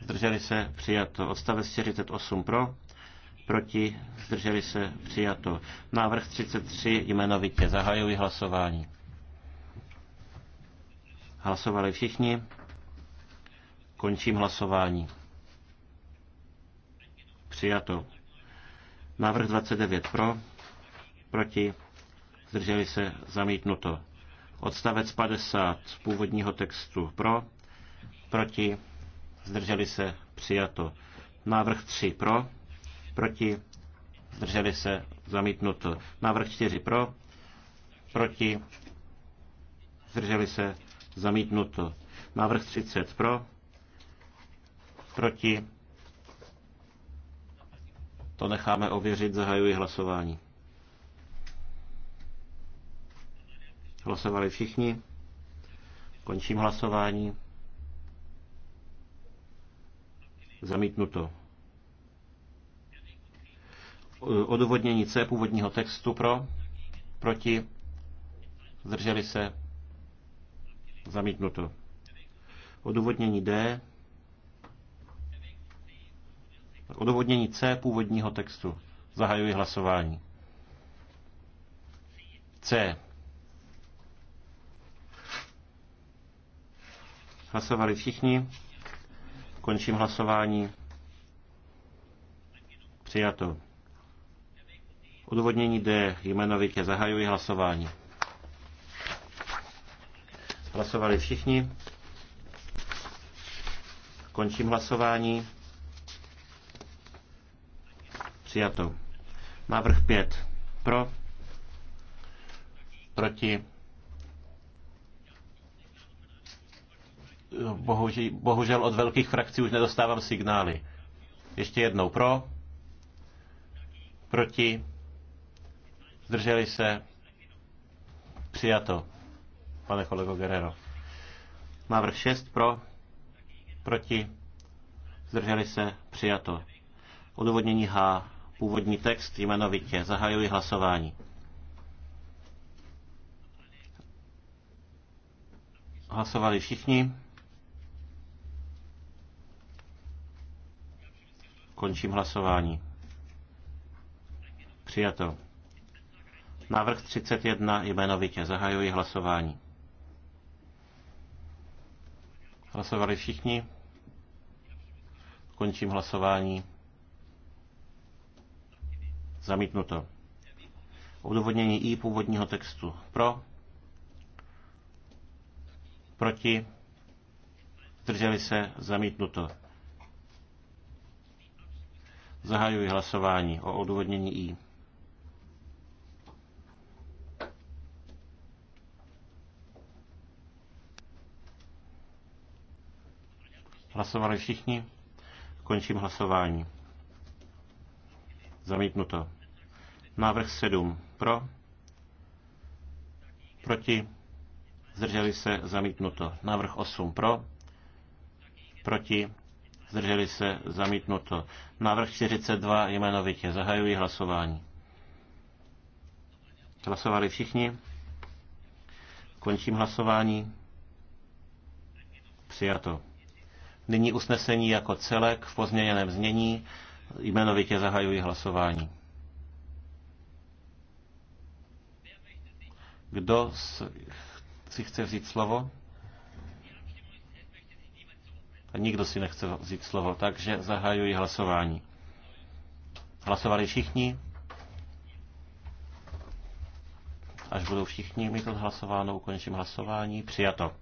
S3: zdrželi se, přijato. Odstavec 48 pro, proti, zdrželi se, přijato. Návrh 33 jmenovitě. Zahajuji hlasování. Hlasovali všichni. Končím hlasování. Přijato. Návrh 29 pro, proti, zdrželi se, zamítnuto. Odstavec 50 původního textu pro, proti, zdrželi se, přijato. Návrh 3 pro, proti, zdrželi se, zamítnuto. Návrh 4 pro, proti, zdrželi se, zamítnuto. Návrh 30 pro, proti, to necháme ověřit, zahajuji hlasování. Hlasovali všichni. Končím hlasování. Zamítnuto. Odůvodnění C původního textu pro, proti, zdrželi se, zamítnuto. Odůvodnění D, odůvodnění C původního textu. Zahajuji hlasování. C. Hlasovali všichni. Končím hlasování. Přijato. Odvodnění D jmenovitě zahajuji hlasování. Hlasovali všichni. Končím hlasování. Přijato. Návrh 5. Pro. Proti. Bohužel, bohužel od velkých frakcí už nedostávám signály. Ještě jednou pro, proti, zdrželi se, přijato, pane kolego Guerrero. Návrh 6 pro, proti, zdrželi se, přijato. Odůvodnění H, původní text jmenovitě, zahajuji hlasování. Hlasovali všichni. Končím hlasování. Přijato. Návrh 31 jmenovitě. Zahajuji hlasování. Hlasovali všichni? Končím hlasování. Zamítnuto. Odůvodnění I původního textu. Pro. Proti. Drželi se. Zamítnuto. Zahajuji hlasování o odůvodnění I. Hlasovali všichni? Končím hlasování. Zamítnuto. Návrh 7. Pro? Proti? Zdrželi se? Zamítnuto. Návrh 8. Pro? Proti? zdrželi se, zamítnuto. Návrh 42 jmenovitě. Zahajuji hlasování. Hlasovali všichni? Končím hlasování. Přijato. Nyní usnesení jako celek v pozměněném znění. Jmenovitě zahajuji hlasování. Kdo si chce vzít slovo? A nikdo si nechce vzít slovo, takže zahajuji hlasování. Hlasovali všichni? Až budou všichni mít hlasováno, ukončím hlasování. Přijato.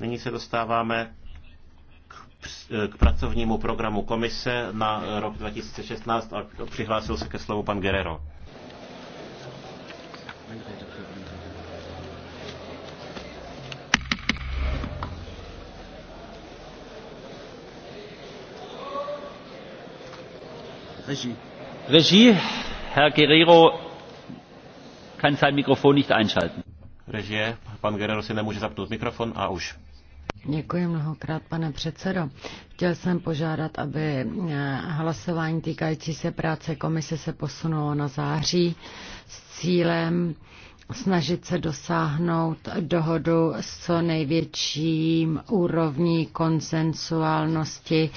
S3: Nyní se dostáváme k pracovnímu programu komise na rok 2016 a přihlásil se ke slovu pan Guerrero. Regie. Regie, Herr Guerrero kann sein Mikrofon nicht einschalten. Regie, pan Guerrero si nemůže zapnout mikrofon a už.
S1: Děkuji mnohokrát, pane předsedo. Chtěl jsem požádat, aby eh, hlasování týkající se práce komise se posunulo na září s cílem snažit se dosáhnout dohodu s co největším úrovní konsensuálnosti,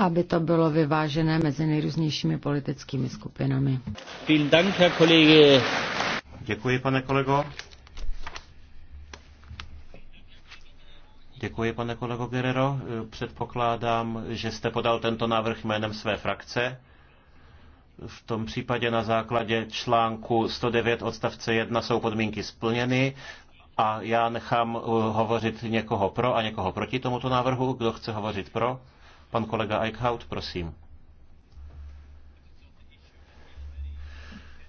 S1: aby to bylo vyvážené mezi nejrůznějšími politickými skupinami.
S3: Děkuji, pane kolego. Děkuji, pane kolego Guerrero. Předpokládám, že jste podal tento návrh jménem své frakce. V tom případě na základě článku 109 odstavce 1 jsou podmínky splněny a já nechám uh, hovořit někoho pro a někoho proti tomuto návrhu. Kdo chce hovořit pro? Pan kolega Eichhout, prosím.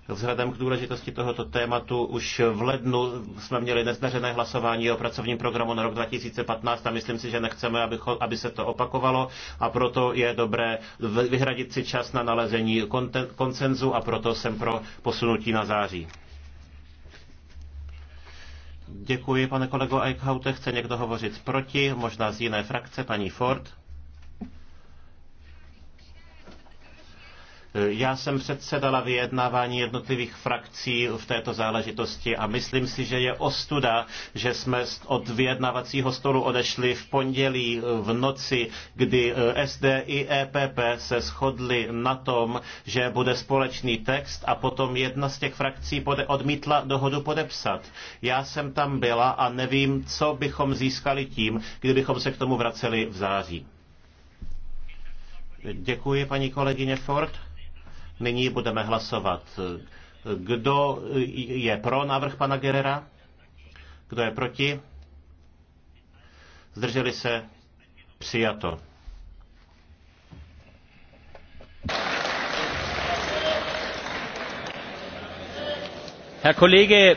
S3: Vzhledem k důležitosti tohoto tématu už v lednu jsme měli neznařené hlasování o pracovním programu na rok 2015 a myslím si, že nechceme, aby, aby se to opakovalo a proto je dobré vyhradit si čas na nalezení koncenzu a proto jsem pro posunutí na září. Děkuji, pane kolego Eichhaute. Chce někdo hovořit proti? Možná z jiné frakce, paní Ford. Já jsem předsedala vyjednávání jednotlivých frakcí v této záležitosti a myslím si, že je ostuda, že jsme od vyjednávacího stolu odešli v pondělí v noci, kdy eh, SD i EPP se shodli na tom, že bude společný text a potom jedna z těch frakcí odmítla dohodu podepsat. Já jsem tam byla a nevím, co bychom získali tím, kdybychom se k tomu vraceli v září. Děkuji, paní kolegyně Ford. Nyní budeme hlasovat. Kdo je pro návrh pana Gerera? Kdo je proti? Zdrželi se? Přijato. Herr Kollege,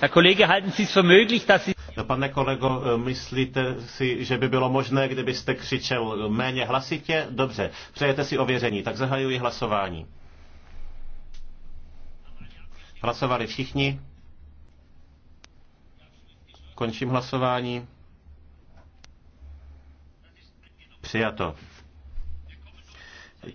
S3: Herr Kollege, halten Sie es für möglich, dass Sie Pane kolego, myslíte si, že by bylo možné, kdybyste křičel méně hlasitě? Dobře, přejete si ověření, tak zahajuji hlasování. Hlasovali všichni? Končím hlasování. Přijato.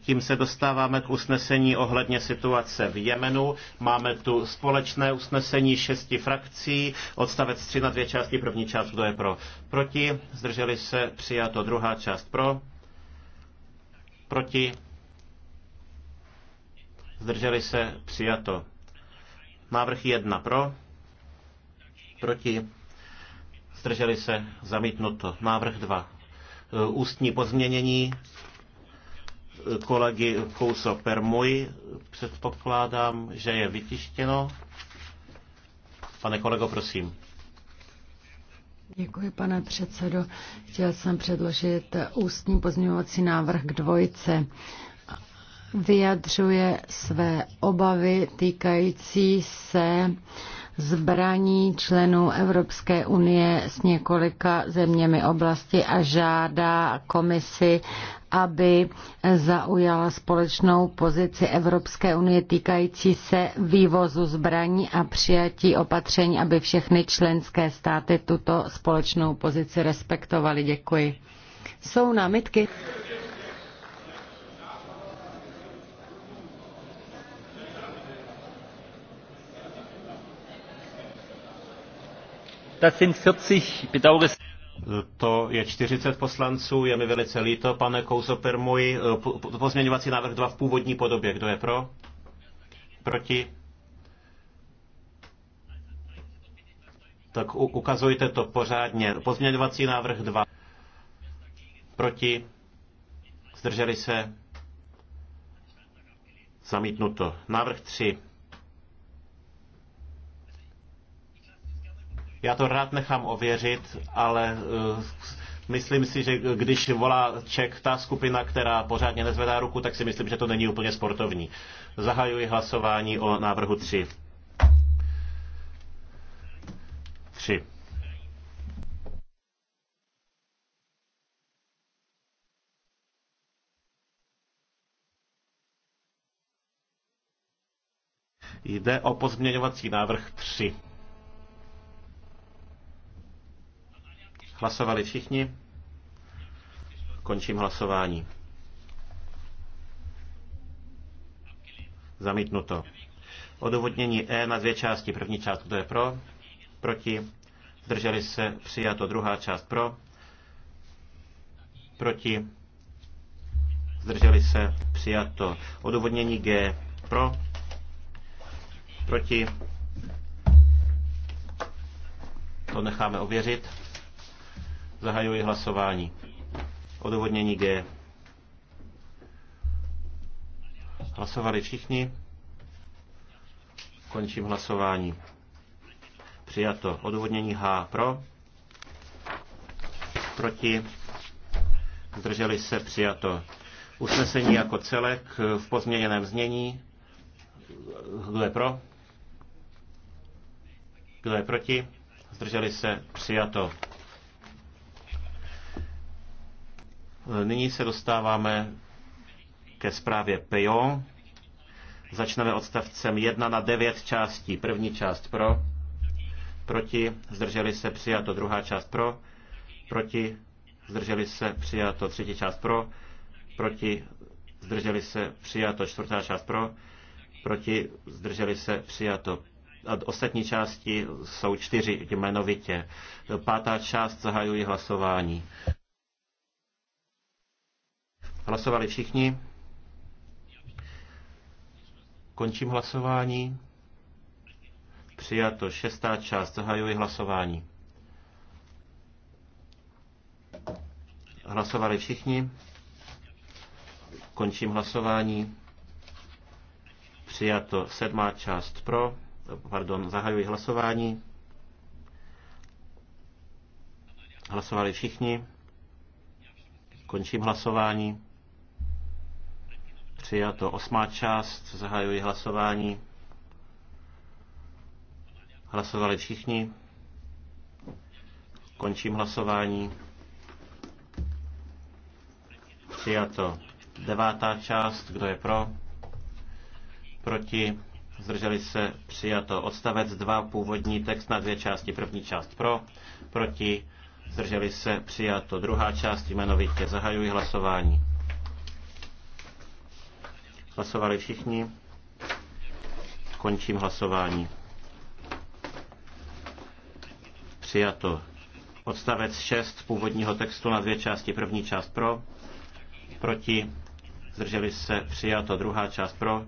S3: Tím se dostáváme k usnesení ohledně situace v Jemenu. Máme tu společné usnesení šesti frakcí, odstavec 3 na dvě části, první část, kdo je pro, proti, zdrželi se, přijato, druhá část pro, proti, zdrželi se, přijato. Návrh jedna pro, proti, zdrželi se, zamítnuto. Návrh dva Ústní pozměnění kolegy Kouso Permuj. Předpokládám, že je vytištěno. Pane kolego, prosím.
S1: Děkuji, pane předsedo. Chtěl jsem předložit ústní pozměňovací návrh k dvojce. Vyjadřuje své obavy týkající se zbraní členů Evropské unie s několika zeměmi oblasti a žádá komisi, aby zaujala společnou pozici Evropské unie týkající se vývozu zbraní a přijatí opatření, aby všechny členské státy tuto společnou pozici respektovaly. Děkuji. Jsou námitky?
S3: To je 40 poslanců, je mi velice líto, pane Kouzoper, můj eh, pozměňovací návrh 2 v původní podobě. Kdo je pro? Proti? Tak ukazujte to pořádně. Pozměňovací návrh 2. Proti? Zdrželi se? Zamítnuto. Návrh 3. Já to rád nechám ověřit, ale eh, myslím si, že když volá Ček ta skupina, která pořádně nezvedá ruku, tak si myslím, že to není úplně sportovní. Zahajuji hlasování o návrhu 3. 3. Jde o pozměňovací návrh 3. Hlasovali všichni? Končím hlasování. Zamítnuto. Odůvodnění E na dvě části. První část, kdo je pro? Proti? Zdrželi se? Přijato. Druhá část pro? Proti? Zdrželi se? Přijato. Odůvodnění G pro? Proti? To necháme ověřit. Zahajuji hlasování. Odůvodnění G. Hlasovali všichni. Končím hlasování. Přijato. Odůvodnění H pro. Proti. Zdrželi se přijato. Usnesení jako celek v pozměněném znění. Kdo je pro? Kdo je proti? Zdrželi se přijato. Nyní se dostáváme ke zprávě Pejo. Začneme odstavcem 1 na 9 částí. První část pro, proti, zdrželi se, přijato. Druhá část pro, proti, zdrželi se, přijato. Třetí část pro, proti, zdrželi se, přijato. Čtvrtá část pro, proti, zdrželi se, přijato. A ostatní části jsou čtyři jmenovitě. Pátá část zahajují hlasování. Hlasovali všichni? Končím hlasování. Přijato šestá část. Zahajuji hlasování. Hlasovali všichni? Končím hlasování. Přijato sedmá část pro. Pardon, zahajuji hlasování. Hlasovali všichni? Končím hlasování. Přijato osmá část, zahajuji hlasování. Hlasovali všichni. Končím hlasování. Přijato devátá část, kdo je pro? Proti? Zdrželi se přijato odstavec 2, původní text na dvě části. První část pro, proti, zdrželi se přijato. Druhá část jmenovitě. Zahajuji hlasování. Hlasovali všichni. Končím hlasování. Přijato. Odstavec 6 původního textu na dvě části. První část pro, proti, zdrželi se, přijato. Druhá část pro,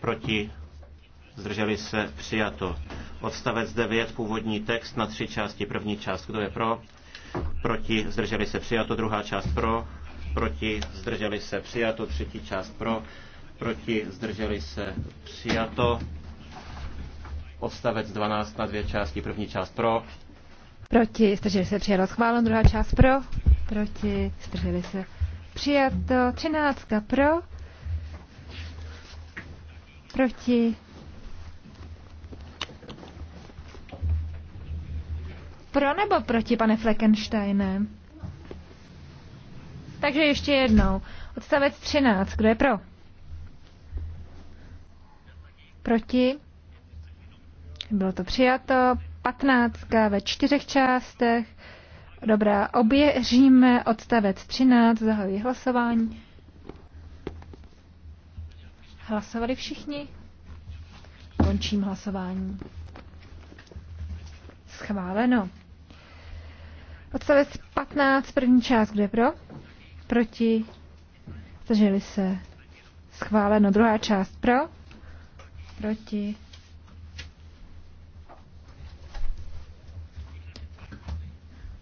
S3: proti, zdrželi se, přijato. Odstavec 9 původní text na tři části. První část, kdo je pro, proti, zdrželi se, přijato. Druhá část pro, proti, zdrželi se, přijato, třetí část pro, proti, zdrželi se, přijato, odstavec 12 na dvě části, první část pro,
S4: proti, zdrželi se, přijato, schválen, druhá část pro, proti, zdrželi se, přijato, třináctka pro, proti, pro nebo proti, pane Fleckensteine? Takže ještě jednou. Odstavec 13. Kdo je pro? Proti? Bylo to přijato. 15 ve čtyřech částech. Dobrá, oběříme odstavec 13, zahajuji hlasování. Hlasovali všichni? Končím hlasování. Schváleno. Odstavec 15, první část, kde pro? proti, zdrželi se, schváleno. Druhá část pro, proti,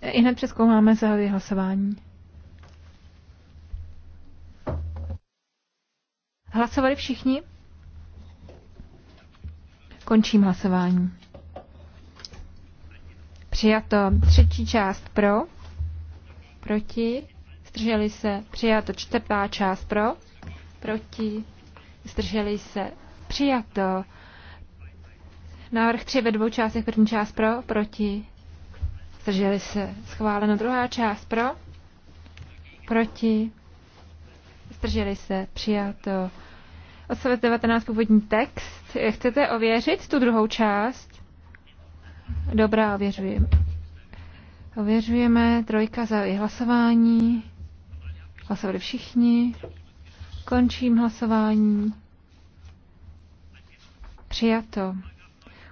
S4: I hned přeskoumáme zahájit hlasování. Hlasovali všichni? Končím hlasování. Přijato třetí část pro, proti, zdrželi se, přijato čtvrtá část pro, proti, zdrželi se, přijato. Návrh tři ve dvou částech, první část pro, proti, zdrželi se, schváleno druhá část pro, proti, zdrželi se, přijato. Odstavec 19, původní text. Chcete ověřit tu druhou část? Dobrá, ověřujeme. Ověřujeme, trojka za hlasování. Hlasovali všichni. Končím hlasování. Přijato.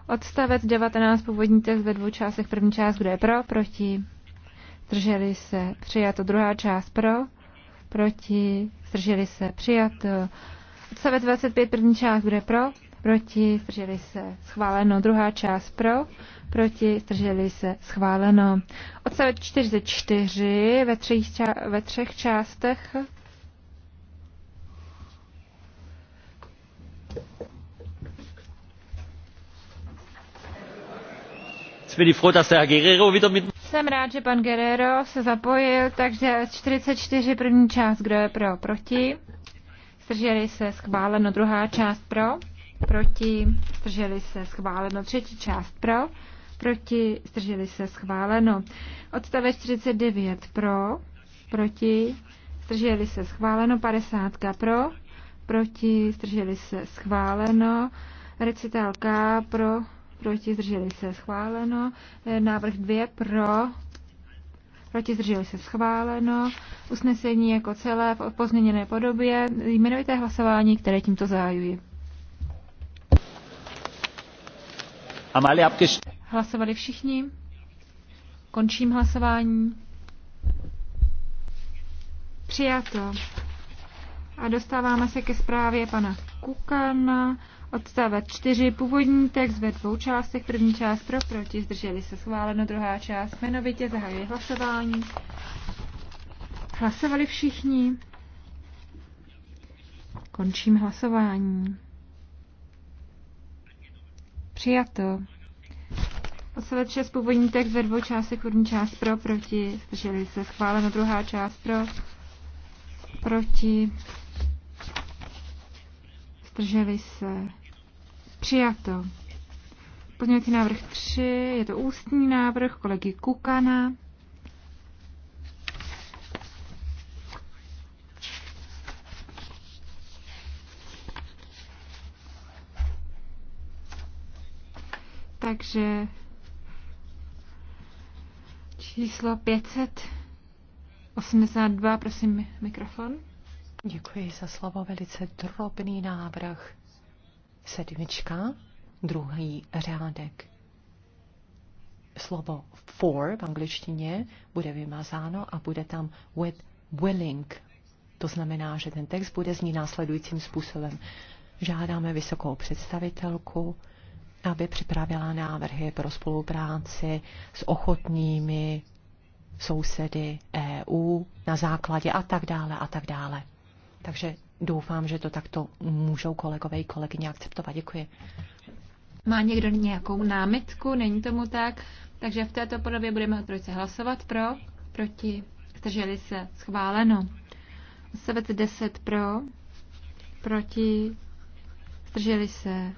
S4: Odstavec 19, původní text ve dvou částech. První část, kdo je pro, proti. Zdrželi se. Přijato. Druhá část pro, proti. Zdrželi se. Přijato. Odstavec 25, první část, kdo je pro, proti, zdrželi se, schváleno. Druhá část pro, proti, zdrželi se, schváleno. Odstavec 44 ve třech, ča- ve třech částech. Jsem rád, že pan Guerrero se zapojil, takže 44 první část, kdo je pro, proti. Zdrželi se, schváleno druhá část pro proti, zdrželi se schváleno. Třetí část pro, proti, zdrželi se schváleno. Odstavec 49 pro, proti, zdrželi se schváleno. 50 pro, proti, zdrželi se schváleno. Recital K pro, proti, zdrželi se schváleno. Eh, návrh 2 pro, proti, zdrželi se schváleno. Usnesení jako celé v pozměněné podobě. Jmenujte hlasování, které tímto zahajuji. Hlasovali všichni. Končím hlasování. Přijato. A dostáváme se ke zprávě pana Kukana. Odstavec 4. Původní text ve dvou částech. První část pro, proti, zdrželi se schváleno. Druhá část jmenovitě zahajuje hlasování. Hlasovali všichni. Končím hlasování. Přijato. Odstavec 6 původní text ve dvou částech, první část pro, proti, zdrželi se, schváleno, druhá část pro, proti, zdrželi se, přijato. Pozměňovací návrh 3, je to ústní návrh kolegy Kukana. Takže číslo 582,
S5: prosím, mikrofon. Děkuji za slovo, velice drobný návrh. Sedmička, druhý řádek. Slovo for v angličtině bude vymazáno a bude tam with willing. To znamená, že ten text bude zní následujícím způsobem. Žádáme vysokou představitelku, aby připravila návrhy pro spolupráci s ochotnými sousedy EU na základě a tak dále a tak dále. Takže doufám, že to takto můžou kolegové i kolegyně akceptovat. Děkuji.
S4: Má někdo nějakou námitku? Není tomu tak. Takže v této podobě budeme od trojce hlasovat pro, proti, zdrželi se, schváleno. Sebec 10 pro, proti, zdrželi se,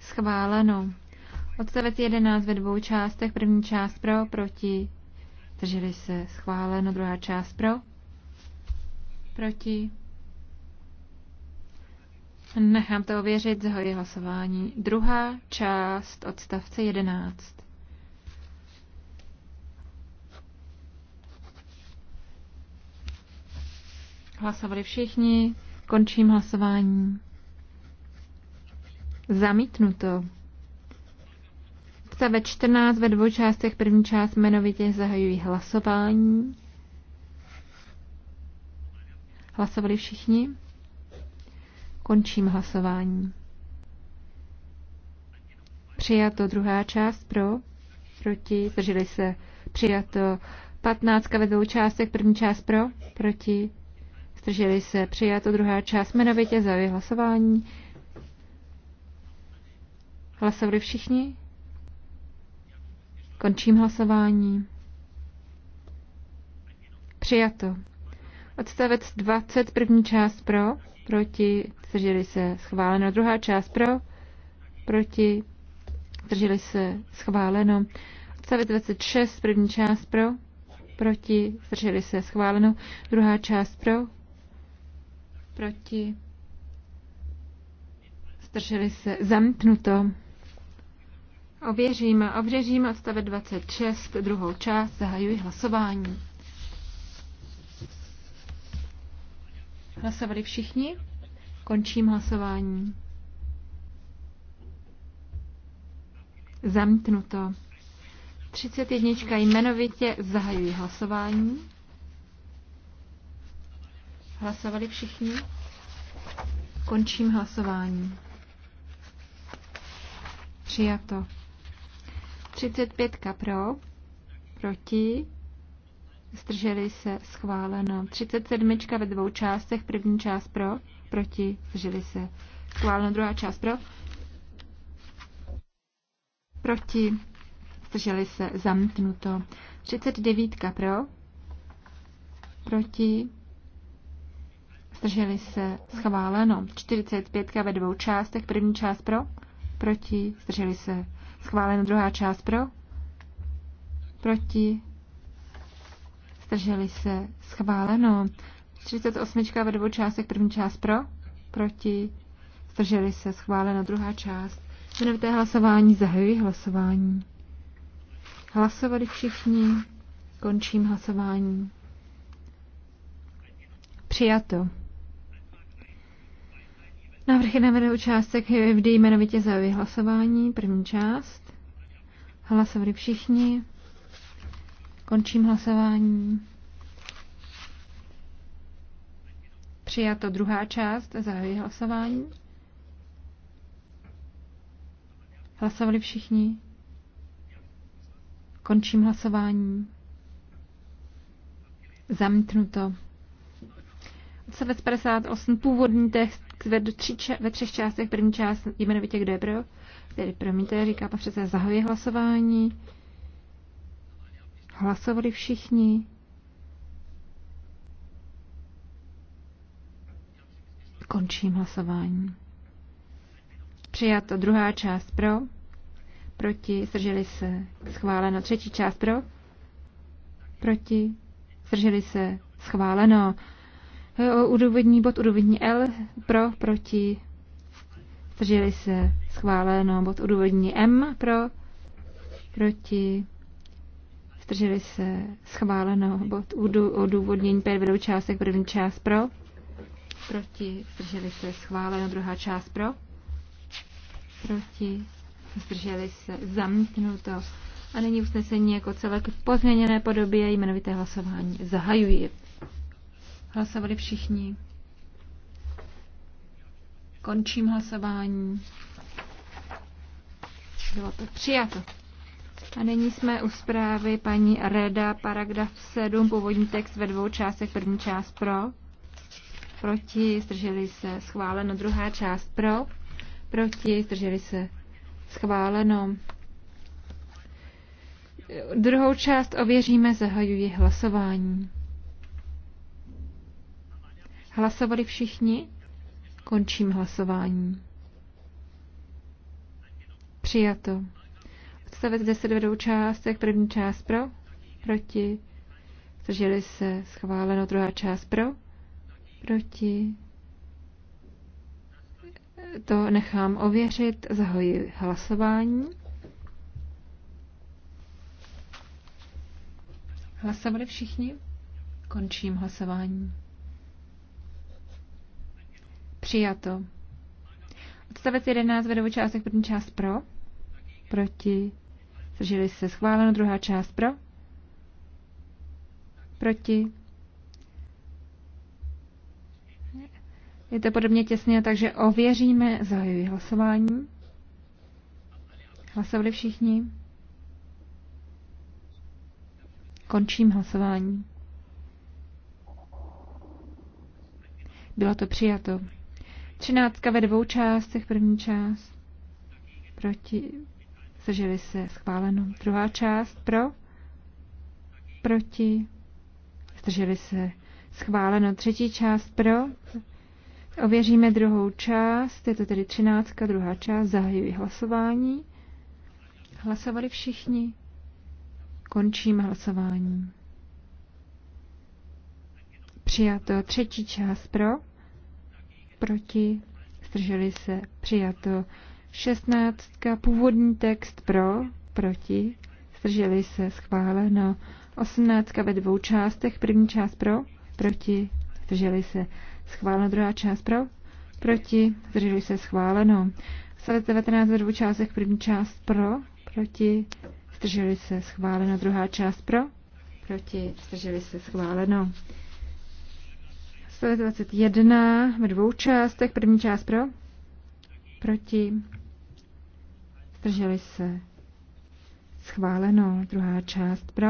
S4: Schváleno. Odstavec 11 ve dvou částech. První část pro, proti. Drželi se. Schváleno. Druhá část pro. Proti. Nechám to ověřit, zahoji hlasování. Druhá část odstavce 11. Hlasovali všichni, končím hlasování. Zamítnuto. Odstavec 14 ve dvou částech. První část jmenovitě zahajují hlasování. Hlasovali všichni? Končím hlasování. Přijato druhá část pro, proti, zdrželi se. Přijato 15 ve dvou částech, první část pro, proti, zdrželi se. Přijato druhá část jmenovitě zahajují hlasování. Hlasovali všichni? Končím hlasování. Přijato. Odstavec 20, první část pro, proti, zdrželi se, schváleno. Druhá část pro, proti, zdrželi se, schváleno. Odstavec 26, první část pro, proti, zdrželi se, schváleno. Druhá část pro, proti, zdrželi se, zamknuto. Ověříme, obřežíme odstavec 26, druhou část, zahajuji hlasování. Hlasovali všichni? Končím hlasování. Zamítnuto. 31. jmenovitě zahajuji hlasování. Hlasovali všichni? Končím hlasování. Přijato. 35 pro, proti, zdrželi se, schváleno. 37 ve dvou částech, první část pro, proti, zdrželi se, schváleno. Druhá část pro, proti, zdrželi se, zamknuto 39 pro, proti, zdrželi se, schváleno. 45 ve dvou částech, první část pro, proti, zdrželi se, Schváleno druhá část pro. Proti. Zdrželi se. Schváleno. 38. ve dvou částech. První část pro. Proti. Zdrželi se. Schváleno druhá část. Jmenovité hlasování. Zahajuji hlasování. Hlasovali všichni. Končím hlasování. Přijato. Návrhy na vedou částek vždy jmenovitě za hlasování. První část. Hlasovali všichni. Končím hlasování. Přijato druhá část, za hlasování. Hlasovali všichni. Končím hlasování. Zamítnuto. Odstavec 58, původní text ve, tři, ve třech částech. První část jmenovitě kdo je pro, tedy promiňte, říká pan předseda, zahajuje hlasování. Hlasovali všichni. Končím hlasování. Přijato druhá část pro, proti, zdrželi se, schváleno. Třetí část pro, proti, zdrželi se, schváleno. Udůvodní eh, bod, udůvodní L, pro, proti, zdrželi se, schváleno. Bod udůvodní M, pro, proti, zdrželi se, schváleno. Bod odůvodnění pět vedou částek, první část pro, proti, zdrželi se, schváleno. Druhá část pro, proti, zdrželi se, zamítnuto. A nyní usnesení jako celek v pozměněné podobě jmenovité hlasování zahajuji. Hlasovali všichni. Končím hlasování. Bylo to přijato. A nyní jsme u zprávy paní Reda, paragraf 7, původní text ve dvou částech. První část pro, proti, zdrželi se, schváleno. Druhá část pro, proti, zdrželi se, schváleno. Druhou část ověříme, zahajuji hlasování. Hlasovali všichni? Končím hlasování. Přijato. Odstavec 10 vedou dvou částech. První část pro, proti. Zdrželi se schváleno. Druhá část pro, proti. To nechám ověřit. Zahoji hlasování. Hlasovali všichni? Končím hlasování. Přijato. Odstavec 11 ve dvou částech. První část pro. Proti. Zdrželi se. Schváleno. Druhá část pro. Proti. Je to podobně těsně, takže ověříme. Zahajuji hlasování. Hlasovali všichni. Končím hlasování. Bylo to přijato. Třináctka ve dvou částech, první část proti, zdrželi se, schváleno. Druhá část pro, proti, zdrželi se, schváleno. Třetí část pro, ověříme druhou část, je to tedy třináctka, druhá část, zahajuji hlasování. Hlasovali všichni, končím hlasování. Přijato třetí část pro proti, zdrželi se, přijato. 16. Původní text pro, proti, zdrželi se, schváleno. 18. ve dvou částech, první část pro, proti, zdrželi se, schváleno. Druhá část pro, proti, zdrželi se, schváleno. Stavec 19 ve dvou částech, první část pro, proti, zdrželi se, schváleno. Druhá část pro, proti, zdrželi se, schváleno. 21 ve dvou částech. První část pro? Proti? Zdrželi se. Schváleno. Druhá část pro?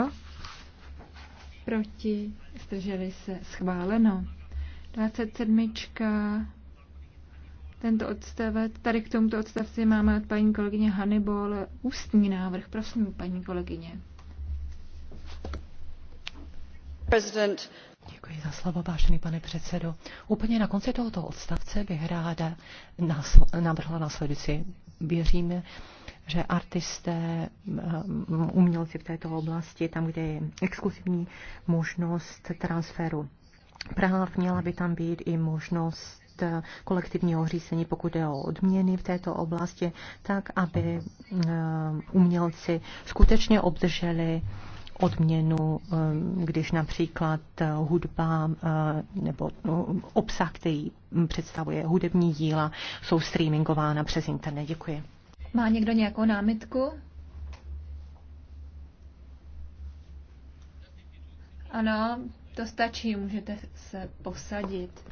S4: Proti? Zdrželi se. Schváleno. 27. Tento odstavec, tady k tomuto odstavci máme od paní kolegyně Hannibal ústní návrh. Prosím, paní kolegyně.
S5: President. Děkuji za slovo, vážený pane předsedo. Úplně na konci tohoto odstavce bych ráda navrhla následující. Věříme, že artisté, eh, umělci v této oblasti, tam, kde je exkluzivní možnost transferu práv, měla by tam být i možnost eh, kolektivního řízení, pokud je o odměny v této oblasti, tak aby eh, umělci skutečně obdrželi odměnu, eh, když například eh, hudba eh, nebo no, obsah, který hm, představuje hudební díla, jsou streamingována přes internet. Děkuji.
S4: Má někdo nějakou námitku? Ano, to stačí, můžete se posadit.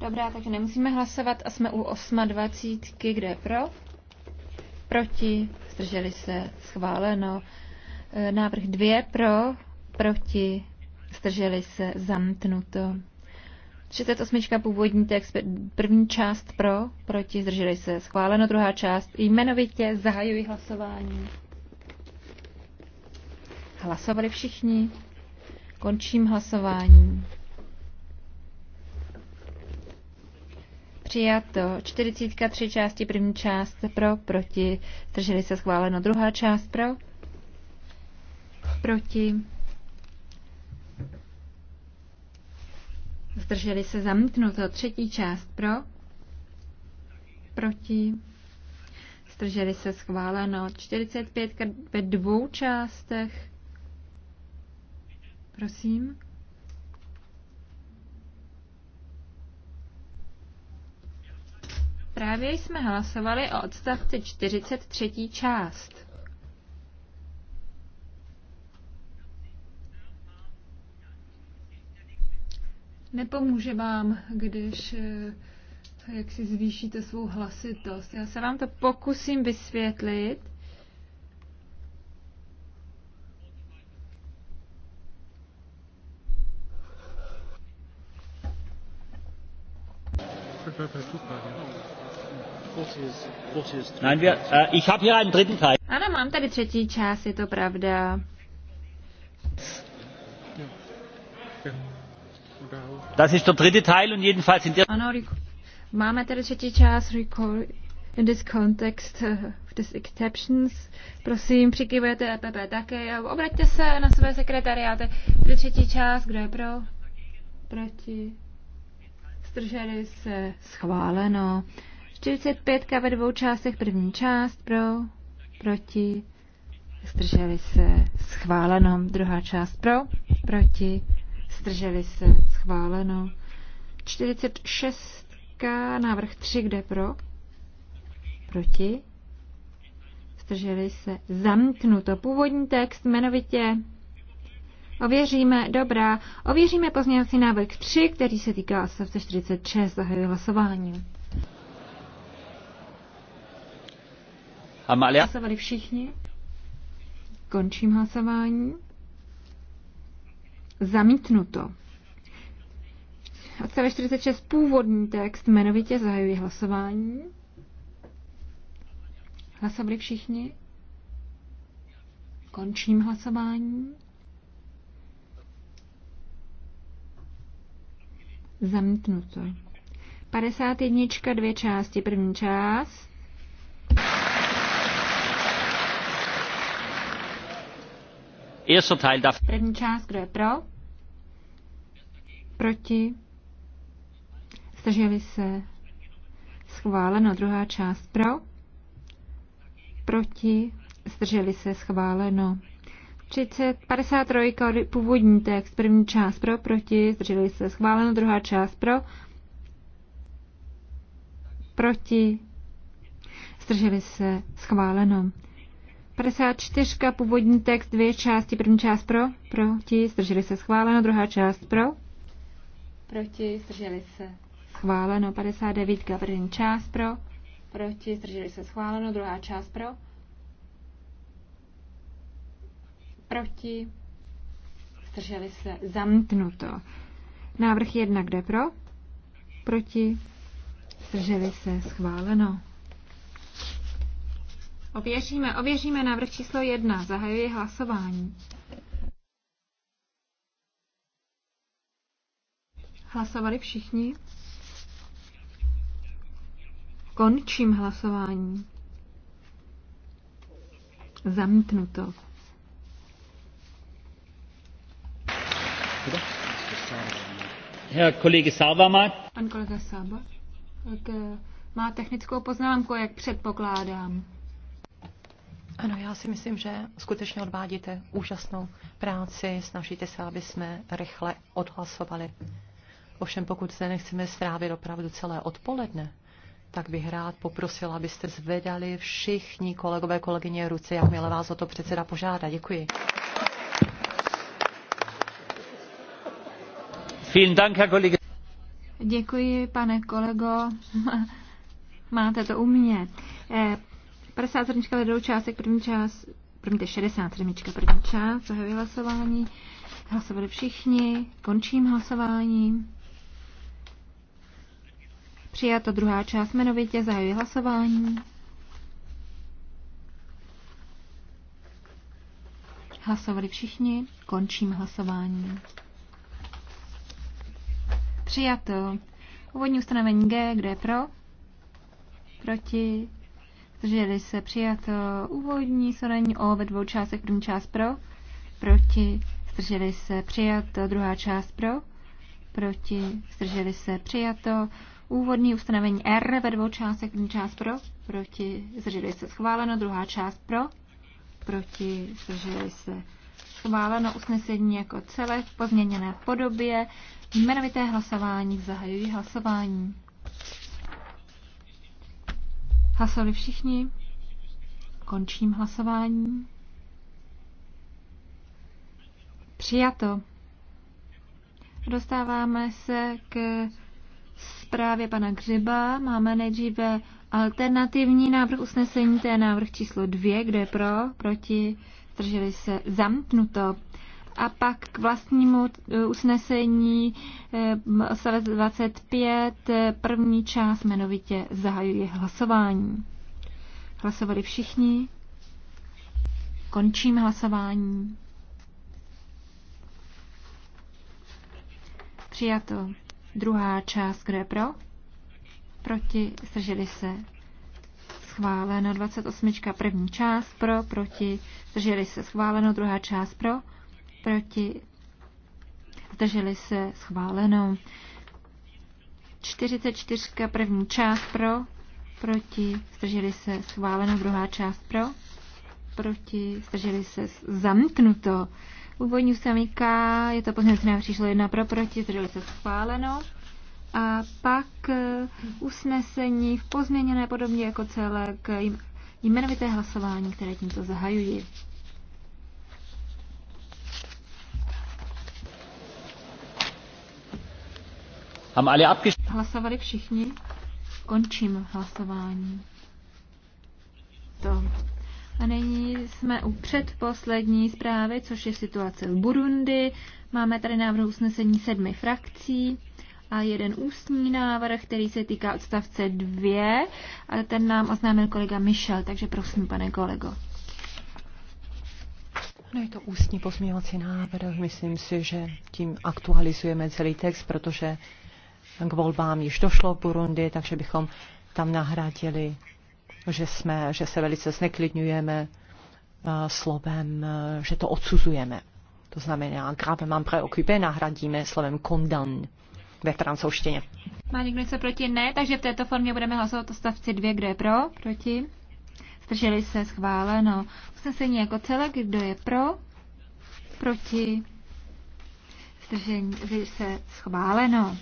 S4: Dobrá, takže nemusíme hlasovat a jsme u 28. kde je pro? proti, zdrželi se, schváleno. E, návrh dvě pro, proti, zdrželi se, zamknuto. 38. původní text, první část pro, proti, zdrželi se, schváleno, druhá část jmenovitě, zahajuji hlasování. Hlasovali všichni, končím hlasování. Přijato 43 části, první část pro, proti, drželi se schváleno, druhá část pro, proti, zdrželi se zamítnuto, třetí část pro, proti, zdrželi se schváleno, 45 ve dvou částech, prosím, Právě jsme hlasovali o odstavci 43. část. Nepomůže vám, když jak si zvýšíte svou hlasitost. Já se vám to pokusím vysvětlit.
S3: Super, super, Nein, wir, äh, ich habe hier einen dritten Teil.
S4: Ano, mám tady třetí část, je to pravda.
S3: Das ist der dritte Teil und jedenfalls in der... Ano,
S4: máme tady třetí část, recall in this context uh, this exceptions. Prosím, přikývejte EPP také. Obraťte se na své sekretariáty. Tady třetí část, kdo je pro? Proti? Zdrželi se? Schváleno. 45 ve dvou částech, první část pro, proti, zdrželi se, schváleno, druhá část pro, proti, zdrželi se, schváleno. 46 návrh 3, kde pro, proti, zdrželi se, zamknuto. Původní text jmenovitě Ověříme, dobrá, ověříme pozměňovací návrh 3, který se týká odstavce 46, zahajuji hlasování. Amalia. Hlasovali všichni. Končím hlasování. Zamítnuto. Odstavec 46 původní text jmenovitě zahajuji hlasování. Hlasovali všichni. Končím hlasování. Zamítnuto. 51. dvě části. První část První část, kdo je pro? Proti? Zdrželi se? Schváleno. Druhá část pro? Proti? Zdrželi se? Schváleno. 30, 53, původní text, první část pro, proti, zdrželi se, schváleno, druhá část pro, proti, zdrželi se, schváleno. 54. Původní text, dvě části. První část pro, proti, zdrželi se schváleno. Druhá část pro, proti, zdrželi se schváleno. 59. První část pro, proti, zdrželi se schváleno. Druhá část pro, proti, zdrželi se zamítnuto. Návrh jedna, kde pro, proti, zdrželi se schváleno. Ověříme, ověříme návrh číslo jedna. Zahajuji hlasování. Hlasovali všichni? Končím hlasování. Zamítnuto.
S3: Herr Kollege Sauber má.
S5: Pan kolega Sauber. Eh, má technickou poznámku, jak předpokládám. Ano, já si myslím, že skutečně odvádíte úžasnou práci, snažíte se, aby jsme rychle odhlasovali. Ovšem, pokud se nechceme strávit opravdu celé odpoledne, tak bych rád poprosila, abyste zvedali všichni kolegové, kolegyně ruce, měla vás o to předseda požádat. Děkuji. Děkuji,
S4: pane kolego. Máte to u mě. Eh, zrnička ve dvou částek, první část, první zrnička, první část, je hlasování. Hlasovali všichni, končím hlasování. Přijato druhá část jmenovitě, zahajuji hlasování. Hlasovali všichni, končím hlasování. Přijato. Úvodní ustanovení G, kdo je pro? Proti? Zdrželi se přijat eh, úvodní solení O ve dvou částech. První část pro, proti. Zdrželi se přijat druhá část pro, proti. Zdrželi se přijato úvodní ustanovení R ve dvou částech. První část pro, proti. Zdrželi se schváleno. Druhá část pro, proti. Zdrželi se schváleno usnesení jako celé v pozměněné podobě. Jmenovité hlasování. zahajují hlasování. Hlasovali všichni. Končím hlasování. Přijato. Dostáváme se k zprávě pana Gřiba. Máme nejdříve alternativní návrh usnesení, to je návrh číslo dvě, kde pro, proti, zdrželi se zamknuto. A pak k vlastnímu eh, usnesení 25, eh, eh, první část jmenovitě zahajuje hlasování. Hlasovali všichni. Končím hlasování. Přijato. Druhá část, kdo je pro? Proti, zdrželi se. Schváleno 28. první část pro, proti, zdrželi se. Schváleno druhá část pro proti, zdrželi se schváleno. 44. první část pro, proti, zdrželi se schváleno, druhá část pro, proti, zdrželi se zamknuto. Úvodní samíka, je to pozměnce návrh číslo jedna pro, proti, zdrželi se schváleno. A pak eh, usnesení v pozměněné podobně jako celek jmenovité hlasování, které tímto zahajuji. Hlasovali všichni? Končím hlasování. To. A nyní jsme u předposlední zprávy, což je situace v Burundi. Máme tady návrh usnesení sedmi frakcí a jeden ústní návrh, který se týká odstavce dvě. ale ten nám oznámil kolega Michel, takže prosím, pane kolego.
S5: No je to ústní pozměňovací návrh, myslím si, že tím aktualizujeme celý text, protože k volbám již došlo v Burundi, takže bychom tam nahradili, že, jsme, že se velice zneklidňujeme eh, slovem, eh, že to odsuzujeme. To znamená, grave mám preoccupé nahradíme slovem condamn ve francouzštině.
S4: Má někdo něco proti? Ne, takže v této formě budeme hlasovat o stavci 2, kdo je pro, proti. Zdrželi se, schváleno. Usnesení jako celek, kdo je pro, proti. Zdrželi se, schváleno.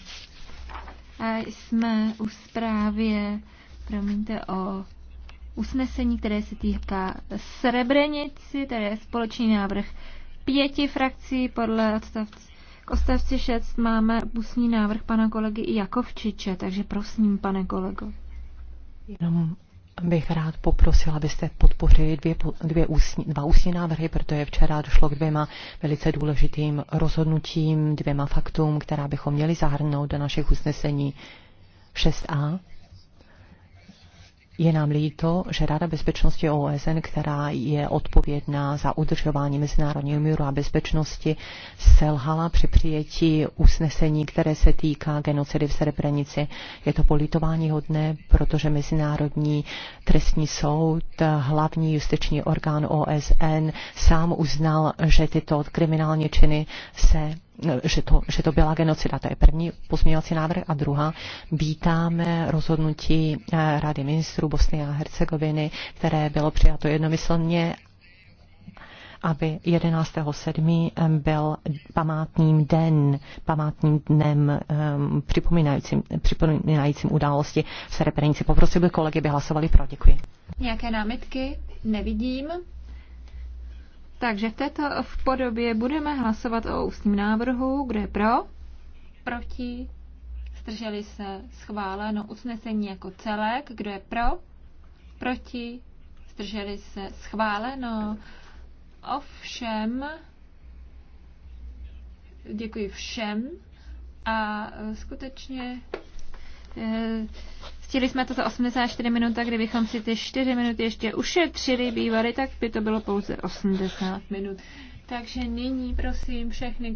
S4: A jsme u zprávě, promiňte, o usnesení, které se týká Srebrenici, tedy je společný návrh pěti frakcí podle odstavce. K odstavci 6 máme ústní návrh pana kolegy Jakovčiče, takže prosím, pane kolego.
S5: Jenom bych rád poprosila, abyste podpořili dvě, dvě ústní, dva ústní návrhy, protože včera došlo k dvěma velice důležitým rozhodnutím, dvěma faktům, která bychom měli zahrnout do našich usnesení 6a je nám líto, že Rada bezpečnosti OSN, která je odpovědná za udržování mezinárodního míru a bezpečnosti, selhala při přijetí usnesení, které se týká genocidy v Srebrenici. Je to politování hodné, protože Mezinárodní trestní soud, hlavní justiční orgán OSN, sám uznal, že tyto kriminální činy se že to, že to byla genocida. To je první pozměňovací návrh. A druhá, vítáme rozhodnutí eh, Rady ministrů Bosny a Hercegoviny, které bylo přijato jednomyslně aby 11.7. Eh, byl památným den, památným dnem um, připomínajícím, připomínajícím události v Serebrenici. Poprosil bych kolegy, by hlasovali pro. Děkuji.
S4: Nějaké námitky? Nevidím. Takže v této v podobě budeme hlasovat o ústním návrhu. Kdo je pro? Proti? Zdrželi se? Schváleno usnesení jako celek. Kdo je pro? Proti? Zdrželi se? Schváleno. Ovšem, děkuji všem a e, skutečně Eh, chtěli jsme to za 84 minut, tak kdybychom si ty 4 minuty ještě ušetřili bývaly, tak by to bylo pouze 80 minut. Takže nyní prosím všechny